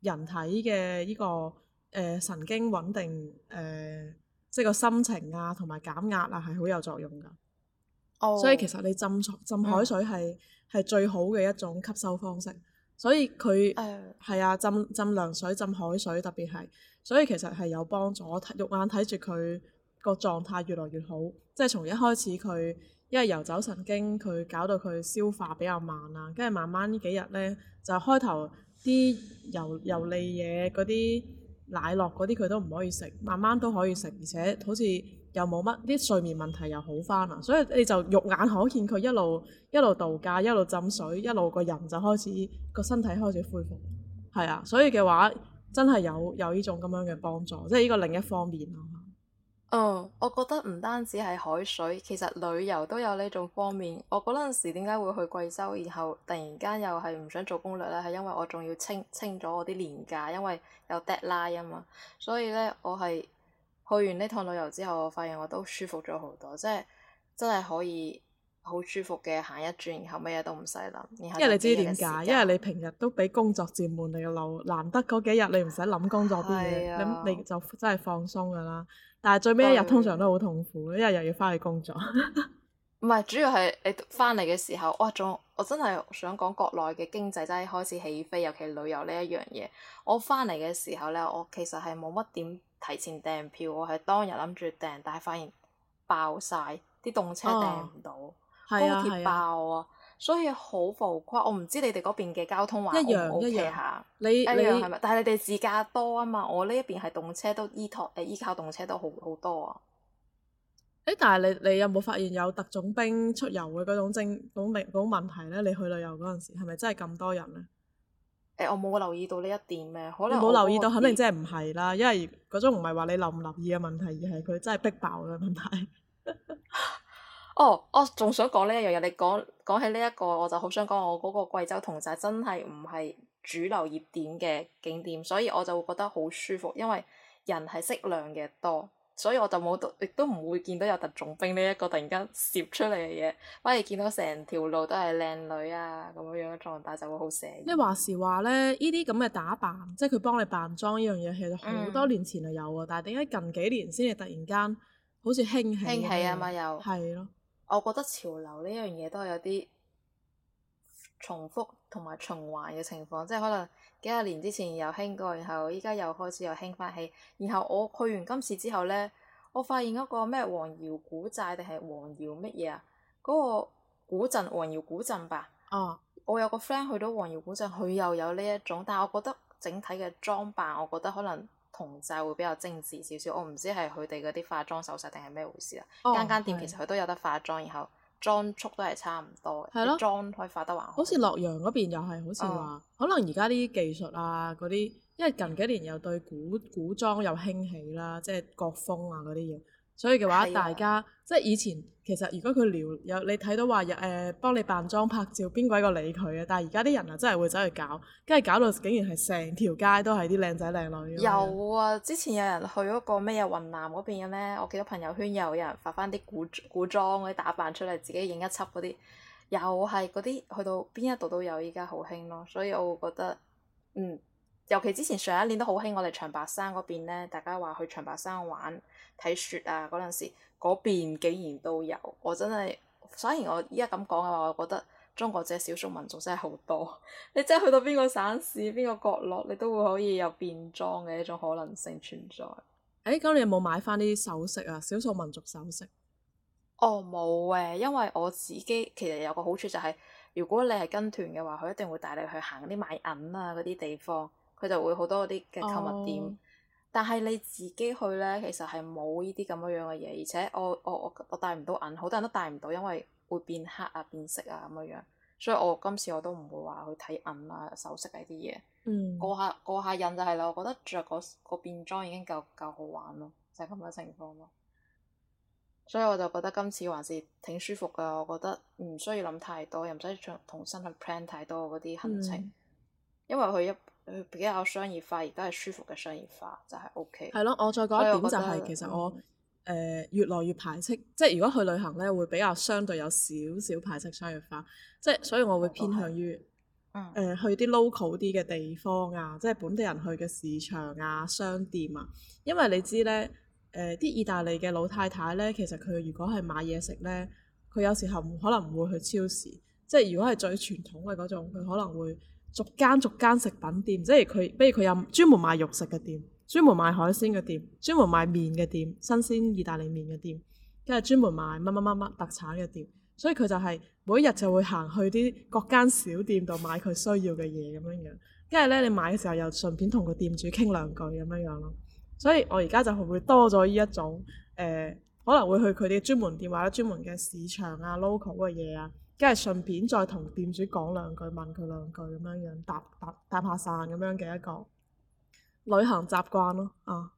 人體嘅呢、這個誒、呃、神經穩定誒。呃即係個心情啊，同埋減壓啊，係好有作用㗎。哦，oh. 所以其實你浸浸海水係係 Yeah. 最好嘅一種吸收方式。所以佢係、uh. 啊，浸浸涼水、浸海水，特別係，所以其實係有幫助。睇肉眼睇住佢個狀態越來越好，即係從一開始佢因為游走神經，佢搞到佢消化比較慢啊，跟住慢慢幾呢幾日咧，就開頭啲油油膩嘢嗰啲。奶酪嗰啲佢都唔可以食，慢慢都可以食，而且好似又冇乜啲睡眠問題又好返啦，所以你就肉眼可見佢一路一路度假，一路浸水，一路個人就開始個身體開始恢復，係啊，所以嘅話真係有有呢種咁樣嘅幫助，即係呢個另一方面咯。嗯，我覺得唔單止係海水，其實旅遊都有呢種方面。我嗰陣時點解會去貴州，然後突然間又係唔想做攻略咧，係因為我仲要清清咗我啲年假，因為有 deadline 啊嘛。所以咧，我係去完呢趟旅遊之後，我發現我都舒服咗好多，即係真係可以好舒服嘅行一轉，然後咩嘢都唔使諗。然後因為你知點解？因為你平日都畀工作佔滿你嘅腦，難得嗰幾日你唔使諗工作啲嘢，咁是、啊、你，你就真係放鬆噶啦。但係最尾一日對通常都好痛苦，因為又要翻去工作。唔 係，主要係你翻嚟嘅時候，哇！仲我真係想講國內嘅經濟真係開始起飛，尤其旅遊呢一樣嘢。我翻嚟嘅時候咧，我其實係冇乜點提前訂票，我係當日諗住訂，但係發現爆晒，啲動車訂唔到，哦、高鐵爆啊！所以好浮誇，我唔知你哋嗰邊嘅交通環好唔 OK 一樣下，係咪？但係你哋自駕多啊嘛，我呢一邊係動車都依託依靠動車都好好多啊。誒、欸，但係你你有冇發現有特種兵出遊嘅嗰種精嗰種問題咧？你去旅遊嗰陣時係咪真係咁多人咧？誒、欸，我冇留意到呢一點咩？可能冇留意到，肯定真係唔係啦，因為嗰種唔係話你留唔留意嘅問題，而係佢真係逼爆嘅問題。 哦，我仲想講呢一樣嘢。你講講起呢一個，我就好想講我嗰個貴州侗寨，真係唔係主流熱點嘅景點，所以我就會覺得好舒服，因為人係適量嘅多，所以我就冇亦都唔會見到有特種兵呢一個突然間攝出嚟嘅嘢，反而見到成條路都係靚女啊咁樣樣嘅狀態就會好寫意。即係話時話咧，呢啲咁嘅打扮，即係佢幫你扮裝呢樣嘢，其實好多年前就有喎，嗯、但係點解近幾年先係突然間好似興起興起啊嘛？又係咯。我覺得潮流呢一樣嘢都係有啲重複同埋循環嘅情況，即係可能幾廿年之前又興過，然後依家又開始又興翻起。然後我去完今次之後呢，我發現一個咩黃姚古寨定係黃姚乜嘢啊？嗰、那個古鎮黃姚古鎮吧。啊、嗯！我有個 friend 去到黃姚古鎮，佢又有呢一種，但係我覺得整體嘅裝扮，我覺得可能。同製會比較精緻少少，我唔知係佢哋嗰啲化妝手勢定係咩回事啦。間間、哦、店其實佢都有得化妝，的然後裝束都係差唔多嘅，妝的可以化得還好。好似洛陽嗰邊又係好似話，哦、可能而家啲技術啊嗰啲，因為近幾年又對古古裝又興起啦，即係國風啊嗰啲嘢。所以嘅話，是啊、大家即係以前其實，如果佢聊有你睇到話，誒、呃、幫你扮裝拍照，邊鬼個理佢啊！但係而家啲人啊，真係會走去搞，跟住搞到竟然係成條街都係啲靚仔靚女。有啊，嗯、之前有人去嗰個咩嘢雲南嗰邊嘅咧，我見到朋友圈有人發翻啲古古裝嗰啲打扮出嚟，自己影一輯嗰啲，又係嗰啲去到邊一度都有，依家好興咯。所以我會覺得嗯，尤其之前上一年都好興，我哋長白山嗰邊咧，大家話去長白山玩。睇雪啊！嗰陣時，嗰邊竟然都有，我真係。所以我依家咁講嘅話，我覺得中國嘅少數民族真係好多。 你真係去到邊個省市、邊個角落，你都會可以有變裝嘅一種可能性存在。誒、欸，咁你有冇買翻啲首飾啊？少數民族首飾。哦，冇誒，因為我自己其實有個好處就係、是，如果你係跟團嘅話，佢一定會帶你去行啲買銀啊嗰啲地方，佢就會好多嗰啲嘅購物店。哦。但係你自己去咧，其實係冇依啲咁樣嘅嘢，而且我我我我戴唔到銀，好多人都戴唔到，因為會變黑啊、變色啊咁樣，所以我今次我都唔會話去睇銀啊、首飾呢啲嘢。嗯，過。過下過下癮就係啦，我覺得着嗰、個變裝已經夠夠好玩咯，就係、是、咁樣情況咯。所以我就覺得今次還是挺舒服噶，我覺得唔需要諗太多，又唔使重新去 plan 太多嗰啲行程，嗯、因為佢。一。比較商業化，而家係舒服嘅商業化，就係 OK。係咯，我再講一點就係、是，其實我誒、呃、越來越排斥，即係如果去旅行咧，會比較相對有少少，少排斥商業化，即係所以我會偏向於誒、呃、去啲 local 啲嘅地方啊，即係本地人去嘅市場啊、商店啊，因為你知咧，誒、呃、啲意大利嘅老太太咧，其實佢如果係買嘢食咧，佢有時候可能唔會去超市，即係如果係最傳統嘅嗰種，佢可能會。逐間逐間食品店，即係佢，比如佢有專門賣肉食嘅店，專門賣海鮮嘅店，專門賣麵嘅店，新鮮意大利麵嘅店，跟住專門賣乜乜乜乜特產嘅店，所以佢就係每日就會行去啲各間小店度買佢需要嘅嘢咁樣樣，跟住咧你買嘅時候又順便同個店主傾兩句咁樣樣咯，所以我而家就係會多咗呢一種，誒、呃、可能會去佢哋專門店或者專門嘅市場啊 local 嘅嘢啊。跟住順便再同店主講兩句，問佢兩句咁樣樣，搭搭搭下訕咁樣嘅一個旅行習慣咯。啊，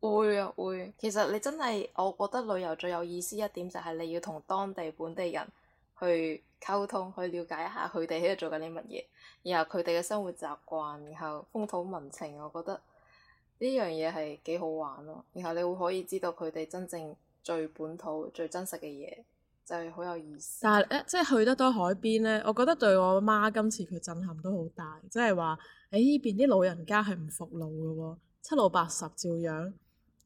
會啊會。其實你真係，我覺得旅遊最有意思一點就係你要同當地本地人去溝通，去了解一下佢哋喺度做緊啲乜嘢，然後佢哋嘅生活習慣，然後風土民情，我覺得呢樣嘢係幾好玩咯。然後你會可以知道佢哋真正最本土、最真實嘅嘢。就係好有意思，但係誒即係去得多海邊咧，我覺得對我媽今次佢震撼都好大，即係話，誒、欸、呢邊啲老人家係唔服老嘅喎，七老八十照樣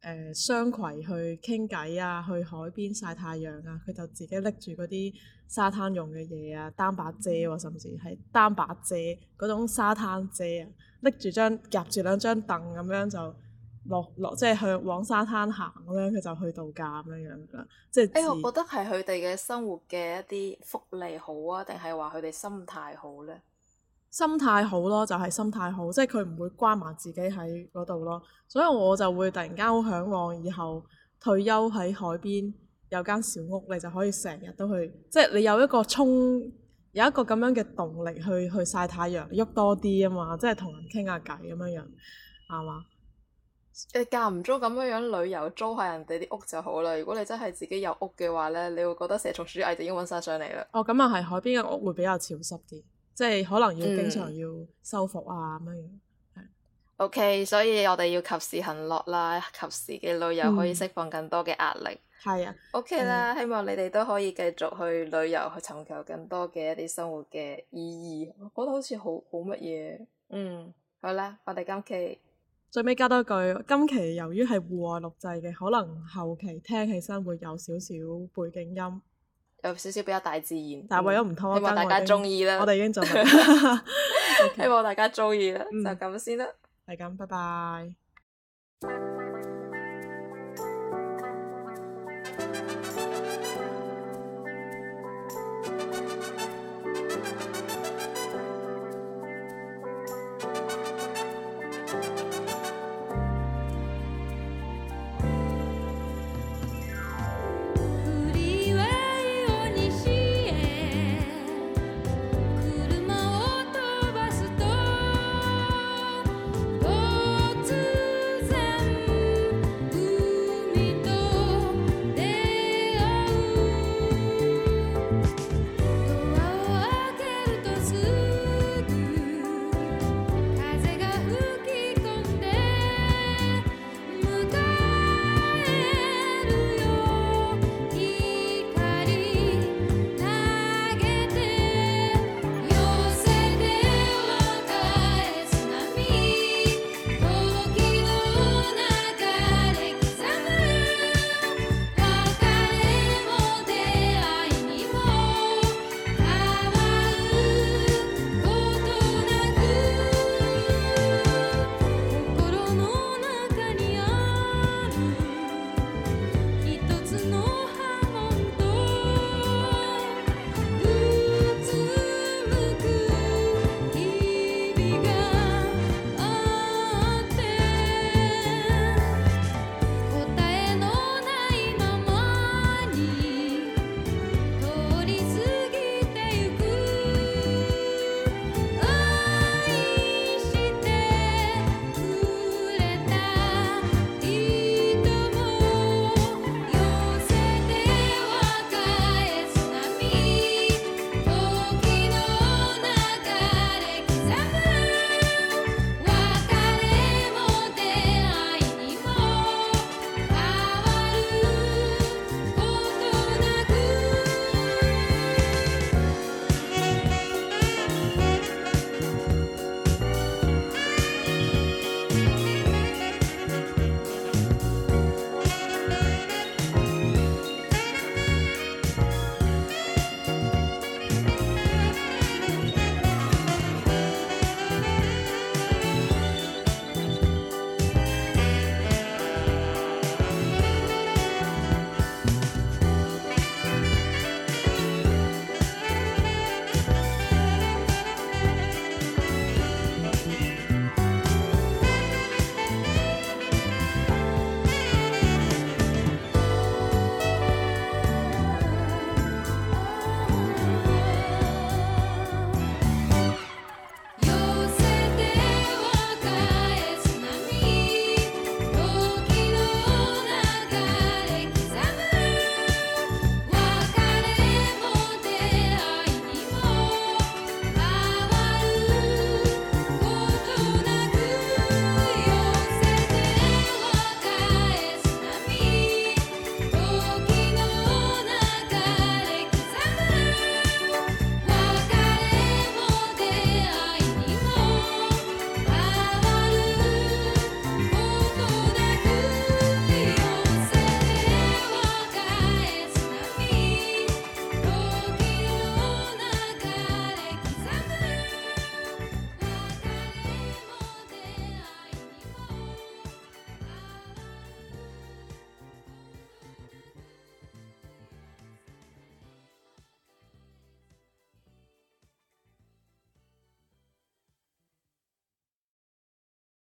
誒雙葵去傾偈啊，去海邊曬太陽啊，佢就自己拎住嗰啲沙灘用嘅嘢啊，單把遮喎、啊，甚至係單把遮嗰種沙灘遮啊，拎住張夾住兩張凳咁樣就。落落即係去往沙灘行咁樣，佢就去度假咁樣樣啦。即係誒、欸，我覺得係佢哋嘅生活嘅一啲福利好啊，定係話佢哋心態好咧？心態好咯，就係、是、心態好，即係佢唔會關埋自己喺嗰度咯。所以我就會突然間好向往以後退休喺海邊有間小屋，你就可以成日都去，即係你有一個衝有一個咁樣嘅動力去去曬太陽，喐多啲啊嘛，即係同人傾下偈咁樣樣，係嘛？誒，間唔中咁樣樣旅遊租下人哋啲屋就好啦。如果你真係自己有屋嘅話咧，你會覺得蛇蟲鼠蟻就已經搵晒上嚟啦。哦，咁啊，係海邊嘅屋會比較潮濕啲，即係可能要經常要修復啊，乜嘢、嗯。Okay，所以我哋要及時行樂啦，及時嘅旅遊可以釋放更多嘅壓力。係啊、嗯。Okay 啦，嗯、希望你哋都可以繼續去旅遊，去尋求更多嘅一啲生活嘅意義。我覺得好似好好乜嘢。嗯，好啦，我哋今期。最尾加多句，今期由於係戶外錄製嘅，可能後期聽起身會有少少背景音，有少少比較大自然。嗯、但係為咗唔拖，希望大家中意啦。我哋已經盡力， Okay. 希望大家中意啦，嗯、就咁先啦。係咁，拜拜。